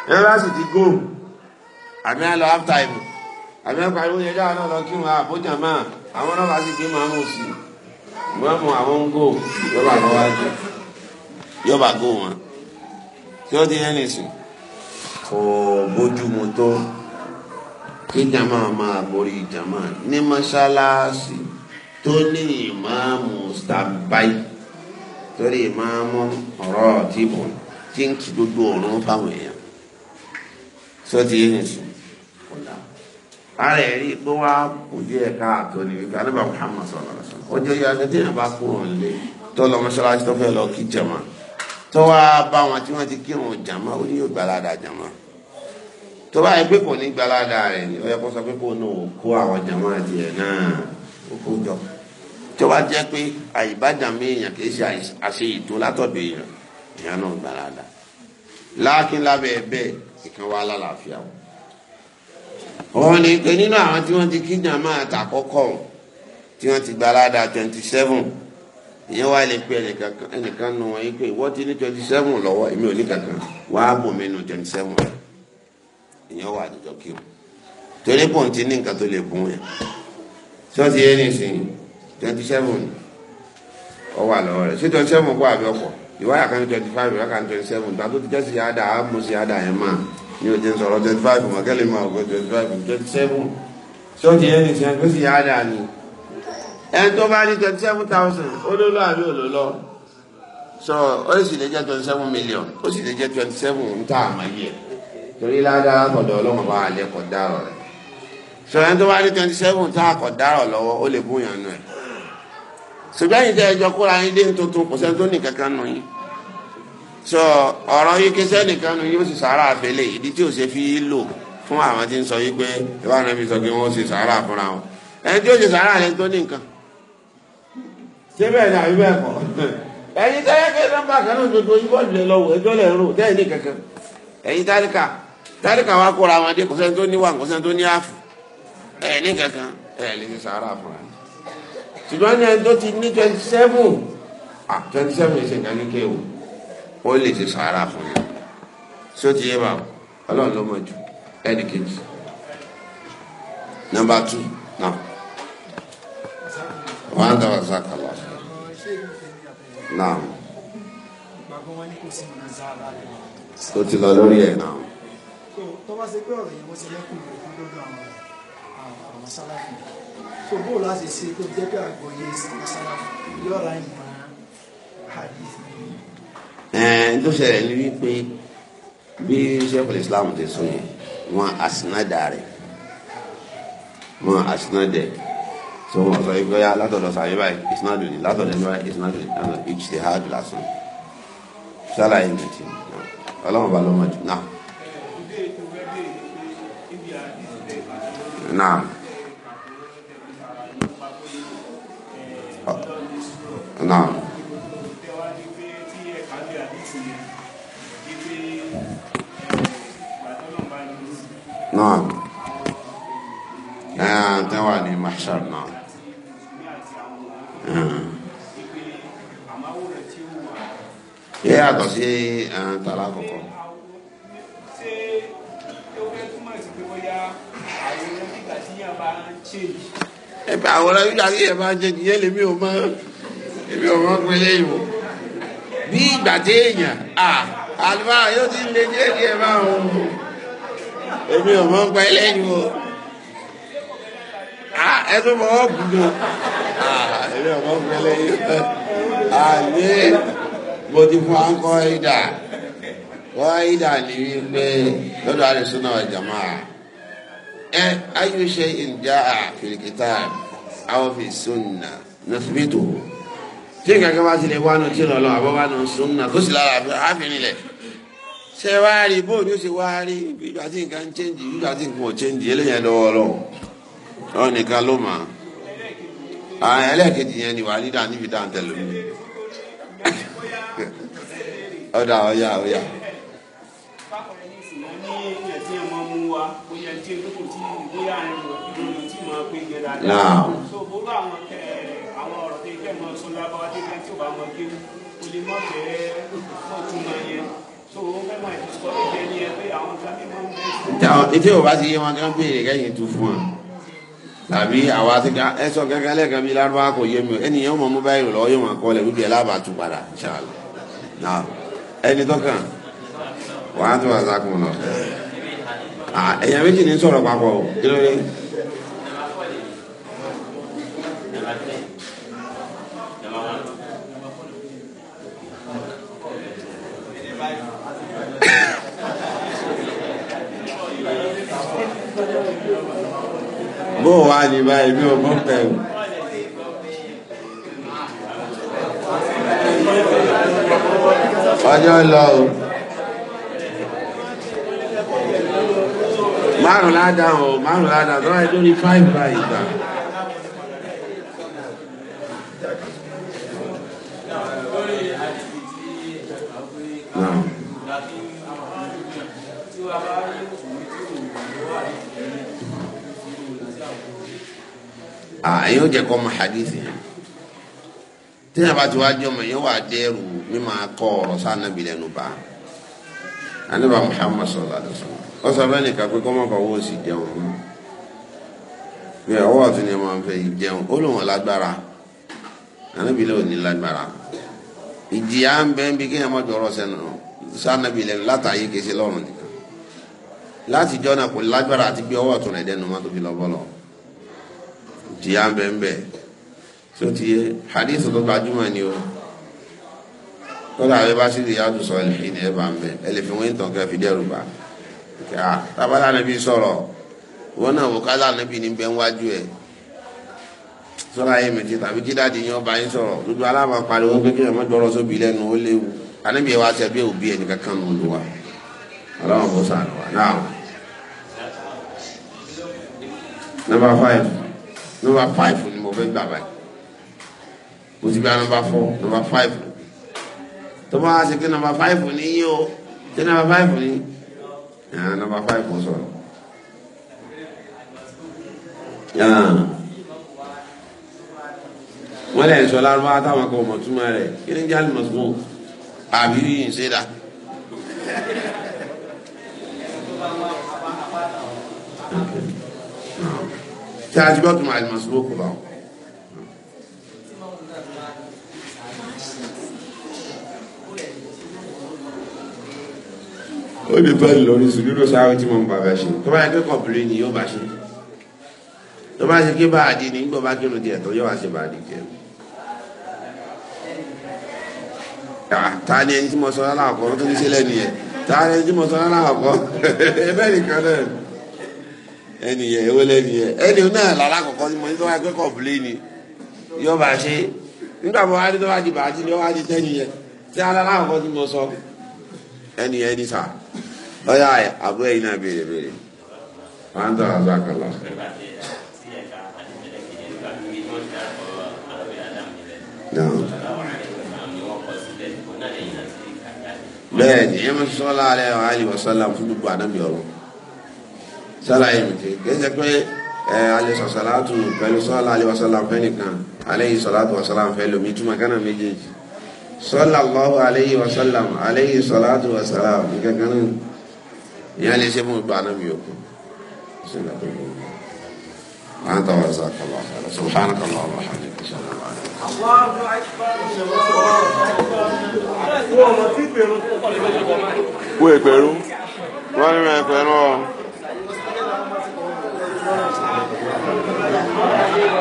ẹ bá sì ti góòmù àbí wọn lọ half time àbí wọn pariwo yẹn jáwé náà lọ kí wọn àbójà máa àwọn náà bá sì gbé màmú sí màmú àwọn ń góòmù yọba lọ wá jù yọba góòmù wọn tí ó di yẹn nìsín kò bójú mu tó kí jama máa borí jama ní mọ́ṣáláṣí tó ní ìmáàmù standby torí ìmáàmù ọ̀rọ̀ tìbọn tí ń kí gbogbo ọ̀run báwọn èèyàn sọ ti yé nìsín kódà ara ẹ̀rí pé wá kò díẹ̀ káàtó ni wípé alẹ́ bá Muhammad sọ̀rọ̀ lọ́la sọ̀rọ̀ ọjọ́ yìí adé tí yẹn bá kúrò nílé tó lọ mọ́ṣáláṣí tó fẹ́ lọ kí jàmá tó wá bá wọn tí wọ́n ti kírun jàmá ó ní yóò gbalada jàmá tó bá yẹ pé kò ní gbalada rẹ̀ ni ó yẹ kó sọ pé kó nù kó àwọn jàmá tiẹ̀ náà ó kó jọ tó bá jẹ́ pé àìbájàmé èèyàn kì í ṣe àṣe látọ̀dọ̀ èèyàn èèyàn náà gbalada bẹ́ẹ̀ ìkan wá lálàáfíà o òun ni pé nínú àwọn tí wọ́n ti kí jàmá àtàkọ́kọ́ tí wọ́n ti gba aládà twenty seven ìyẹn wá lè pe ẹnìkan nu wọn yìí pé ìwọ ti ní twenty seven lọ́wọ́ èmi ò ní kankan wàá bò mí nu twenty seven ìyẹn wà àdìjọ kí o torí pọ̀ ti ní nǹkan tó lè bùn yẹn ṣọ́ọ̀tì yẹn nìsín twenty seven ọ wà lọ́wọ́ rẹ̀ ṣé twenty seven kọ́ àbí ọkọ̀ ìwáyà kan twenty five ìwáyà kan twenty seven ìgbà tó ti jẹ́ síyáda á mú síyáda yẹn máa ní o ti ń sọ̀rọ̀ twenty five mọ̀ kẹ́lẹ́ máa ọ̀gbẹ́ twenty five twenty seven tí ó ti yẹ ní ti ẹni tó síyáda ni ẹni tó bá ní twenty seven thousand ó ló lọ àbí òlò lọ sọ ó sì lè jẹ́ twenty seven million ó sì lè jẹ́ twenty seven ń tà àmọ́ yẹ torí ládàá kọ̀dọ̀ ọlọ́mọ bá wà lẹ́kọ̀ọ́ dárọ̀ rẹ̀ sọ ẹni tó bá ní twenty seven tá àkọ̀dárọ̀ lọ́wọ́ ó lè bóyan nù ẹ̀ ṣùgbọ́n yìí tẹ́ ẹjọ́ kóra yín dé tuntun kò sẹ́ni tó ní kankan nù yín sọ ọ̀rọ̀ yín kí sẹ́ni kan nù yín ó sì sàárà àfẹ́lẹ́ ìdí tí ò ṣe fi lò fún àwọn tí ń sọ yìí pé ìbára mi sọ pé wọ́n ṣe sàárà fúnra wọn ẹni tí ó ṣe sàárà yẹn tó ní nǹkan ṣé bẹ́ẹ̀ ni àbí bẹ́ẹ̀ kọ́ ẹ̀yin tẹ́lẹ̀ pé nọ́mbà kan náà tuntun yìí bọ́ọ̀lù lè lọ ẹjọ́ lè ẹ̀yin tálíkà tálíkà wa kóra wọn dé kò sẹ́ni tó ní kò sẹ́ni tó ní àfù ẹ̀ kankan ẹ̀ sàárà fúnra ṣùgbọ́n ní ẹni tó ti ní twenty seven ah twenty seven ṣe nǹkan kékeré o ó lè ti sàárà fún yẹn ṣé ó ti yé báwo ọlọ́run ló mọ̀ jù ẹnì kejì nọ́mbà two náà wọ́n á dáwọ́ sákàlà náà ó ti lọ lórí ẹ̀ náà. tó ṣe pé ọ̀rọ̀ yẹn wọ́n ti lẹ́kùn rẹ̀ fún àwọn àwọn sáláfì so bó láti ṣe tó jẹ́ pé àgbọ́yé sàlàsàlà yọ̀ọ̀ra ìmọ̀ hadith. ẹ ẹ tó ṣẹlẹ̀ ní wípé bí sẹ́kùlù islam ti sọ yẹn wọn àsínádà rẹ̀ wọn àsínádà tó wọn sọ yìí bóyá látọ̀dọ̀ sàbí báyìí ìsínádù ni látọ̀dọ̀ ní báyìí ìsínádù ni àwọn ìjìṣẹ́ hajj lásán sálàyé nìtì ọlọ́run bá lọ́mọdé náà. náà. náà. náà náà tẹ́ wà ní mahshar náà. yẹ yàtọ̀ sí tàlà kọ̀kọ́. ẹ̀bẹ̀ àwòrán yíyá yẹ̀ bá ń jẹ́ yẹ́ lèmi ò máa èmi ò mọ̀ pé léyìn o bí ìgbà tí èèyàn à àlùfáà yóò ti lè díẹ̀ díẹ̀ máa ń wò èmi ò mọ̀ pé léyìn o à ẹ tó mọ̀ ọ́ gbùgbọ́n à èmi ò mọ̀ pé léyìn o à ní mo ti fún akọ ìdá wọ́n ìdá ni wípé lọ́dọ̀ àdìsún náà jàmá ẹ ayé ìjà àfìlìkítà àwọn fi sunna nasbitu tí nǹkan kan bá tilẹ̀ wánu tí lọ́lọ́ àbọ̀ wánu sunna tó sì lára àfihàn ilẹ̀ ṣe wá rí bó ni ó ṣe wá rí ìgbà tí nǹkan ń chẹ́ǹjì ìgbà tí nǹkan ò chẹ́ǹjì eléyẹn lọ́wọ́ lọ́wọ́ ọ nìkan ló mà á ẹlẹ́ẹ̀kejì yẹn ni wàá dídá níbi dáńtẹ̀ lómi ọ̀dà ọ̀yà ọ̀yà Now mọ sọ lábáwá tí wọn tí ò bá mọ kí o lè mọ bẹ́ẹ̀ mọ tún mọ yẹn tó o fẹ́ máa ti sọ lóde ẹni ẹ pé àwọn ìgbà mi máa ń bẹ́ẹ̀. ètò ìwà ti yé wọn kí wọn béèrè kẹ́yìn tu fún wọn tàbí àwa ti ká ẹ sọ gẹ́gẹ́ lẹ́ẹ̀kan bíi lárúbá kò yé mi o ẹni yẹn mọ mobile lọ yóò máa kọ lẹ wípé ẹ lábàá tún padà ṣáàlà ẹni tọkàn wàá tún wà sákùn lọ ẹyàn ah, méjì ní sọ̀rọ̀ papọ̀ kí ló dé. bó wà ní báyìí bí o mọ̀ pẹ̀ o. ọjọ́ lọ o márùn-ún ládàá o márùn ládàá tó wáyé lórí fáìfù àìgbà. àyìn y'o je ko ọmọ hadithi tí yàrá bá ti wá wà dẹrù mímọ akọ ọ̀rọ̀ sáà nàbí lẹ́nu bá anaba Muhammad sallallahu alaihi wasallam ó sọ wọ́n ni wọ́n lagbara kéèyàn jọrọ látàyè nìkan láti náà kò lágbára àti ọwọ́ rẹ̀ dẹnu jìyà bẹ́ẹ̀nbẹ́ tó ti yẹ hadith tó gbajúmọ̀ ni o kọ́lá àwọn bá sì lè yàtọ̀ sọ ẹlẹ́fì ní ẹ̀bà ń bẹ̀ ẹlẹ́fì wọ́n ń tàn kẹ́ fi dẹ́rù bá tábàlá níbi sọ̀rọ̀ wọn náà wò kálá níbi ní bẹ́ẹ̀ wájú ẹ̀ sọ́ra yẹn mẹ̀tẹ́ tàbí jídáàdì yẹn ọba yẹn sọ̀rọ̀ lójú aláàmà pariwo pé kí ẹ̀ má gbọ́rọ̀ sóbi lẹ́nu ó léwu àníbi ẹ̀ wá sẹ́bi òbí ẹ̀ nìkan kan lòlù wa ọlọ́run kò sànù wa náà. number five. Number five ni mo fẹ́ gbà báyìí mo ti gba nọmba four Number five tó bá ṣe pé Number five ni yí o ṣé nọmba five ni nọmba five sọ̀rọ̀ wọ́n lẹ́yìn sọ lárúbáwá táwọn akọ̀wọ̀mọ̀ túmọ̀ rẹ̀ kí ni jáde mọ̀ sọ́kù àbí yìí ń ṣe dáa. تعجبات مع المسبوق وبعض ó lè bá lórí sùdúró sáré tí mo ń bàbá ṣe tó bá yẹ kí kọ̀pìlì ni yóò bá ṣe tó bá ṣe kí bá àdí ni gbọ́ bá kírun díẹ̀ tó yóò wá ṣe bá àdí jẹ. ta ni ẹni tí mo sọ lálàkọ́ tó ní sílẹ̀ nìyẹn ta ni ẹni tí mo sọ lálàkọ́ ẹ bẹ́ẹ̀ nìkan náà ẹnìyẹ ewé lẹ́nìyẹ ẹnì náà lálá kọ̀ọ̀kan ni mo ní tó wáyé pé kọ̀ọ̀pìlẹ́ẹ̀nì yóò bá ṣe nígbà mo wá dé tó wá di bàájí ni ó wá di tẹ́nìyẹ tí alálá kọ̀ọ̀kan ni mo sọ ẹnìyẹ ẹni sà ọ̀yà àbúrò yìí náà béèrè béèrè máa ń tọ́ àzọ àkàlà. bẹ́ẹ̀ ni ẹ máa sọ́lá alẹ́ wa alẹ́ wa sọ́lá fún gbogbo ànábì ọ̀rọ̀ sálàyé mi ti kì í ṣe pé ẹ alẹ́ sọ sàlátù pẹ̀lú sọ́ọ́lá alẹ́ wasálà fẹ́ nìkan alẹ́ sọ́látù wasálà fẹ́ lómi túmọ̀ kánà méjèèjì sọ́ọ́lá lọ́wọ́ alẹ́ wasálà alẹ́ sọ́látù wasálà nìkan kánà ìyá lè ṣe mú gbà mi yòókù sínú àdúgbò أنت وجزاك الله خيرا سبحانك اللهم وبحمدك أشهد أن لا إله إلا أنت الله أكبر ¡Gracias!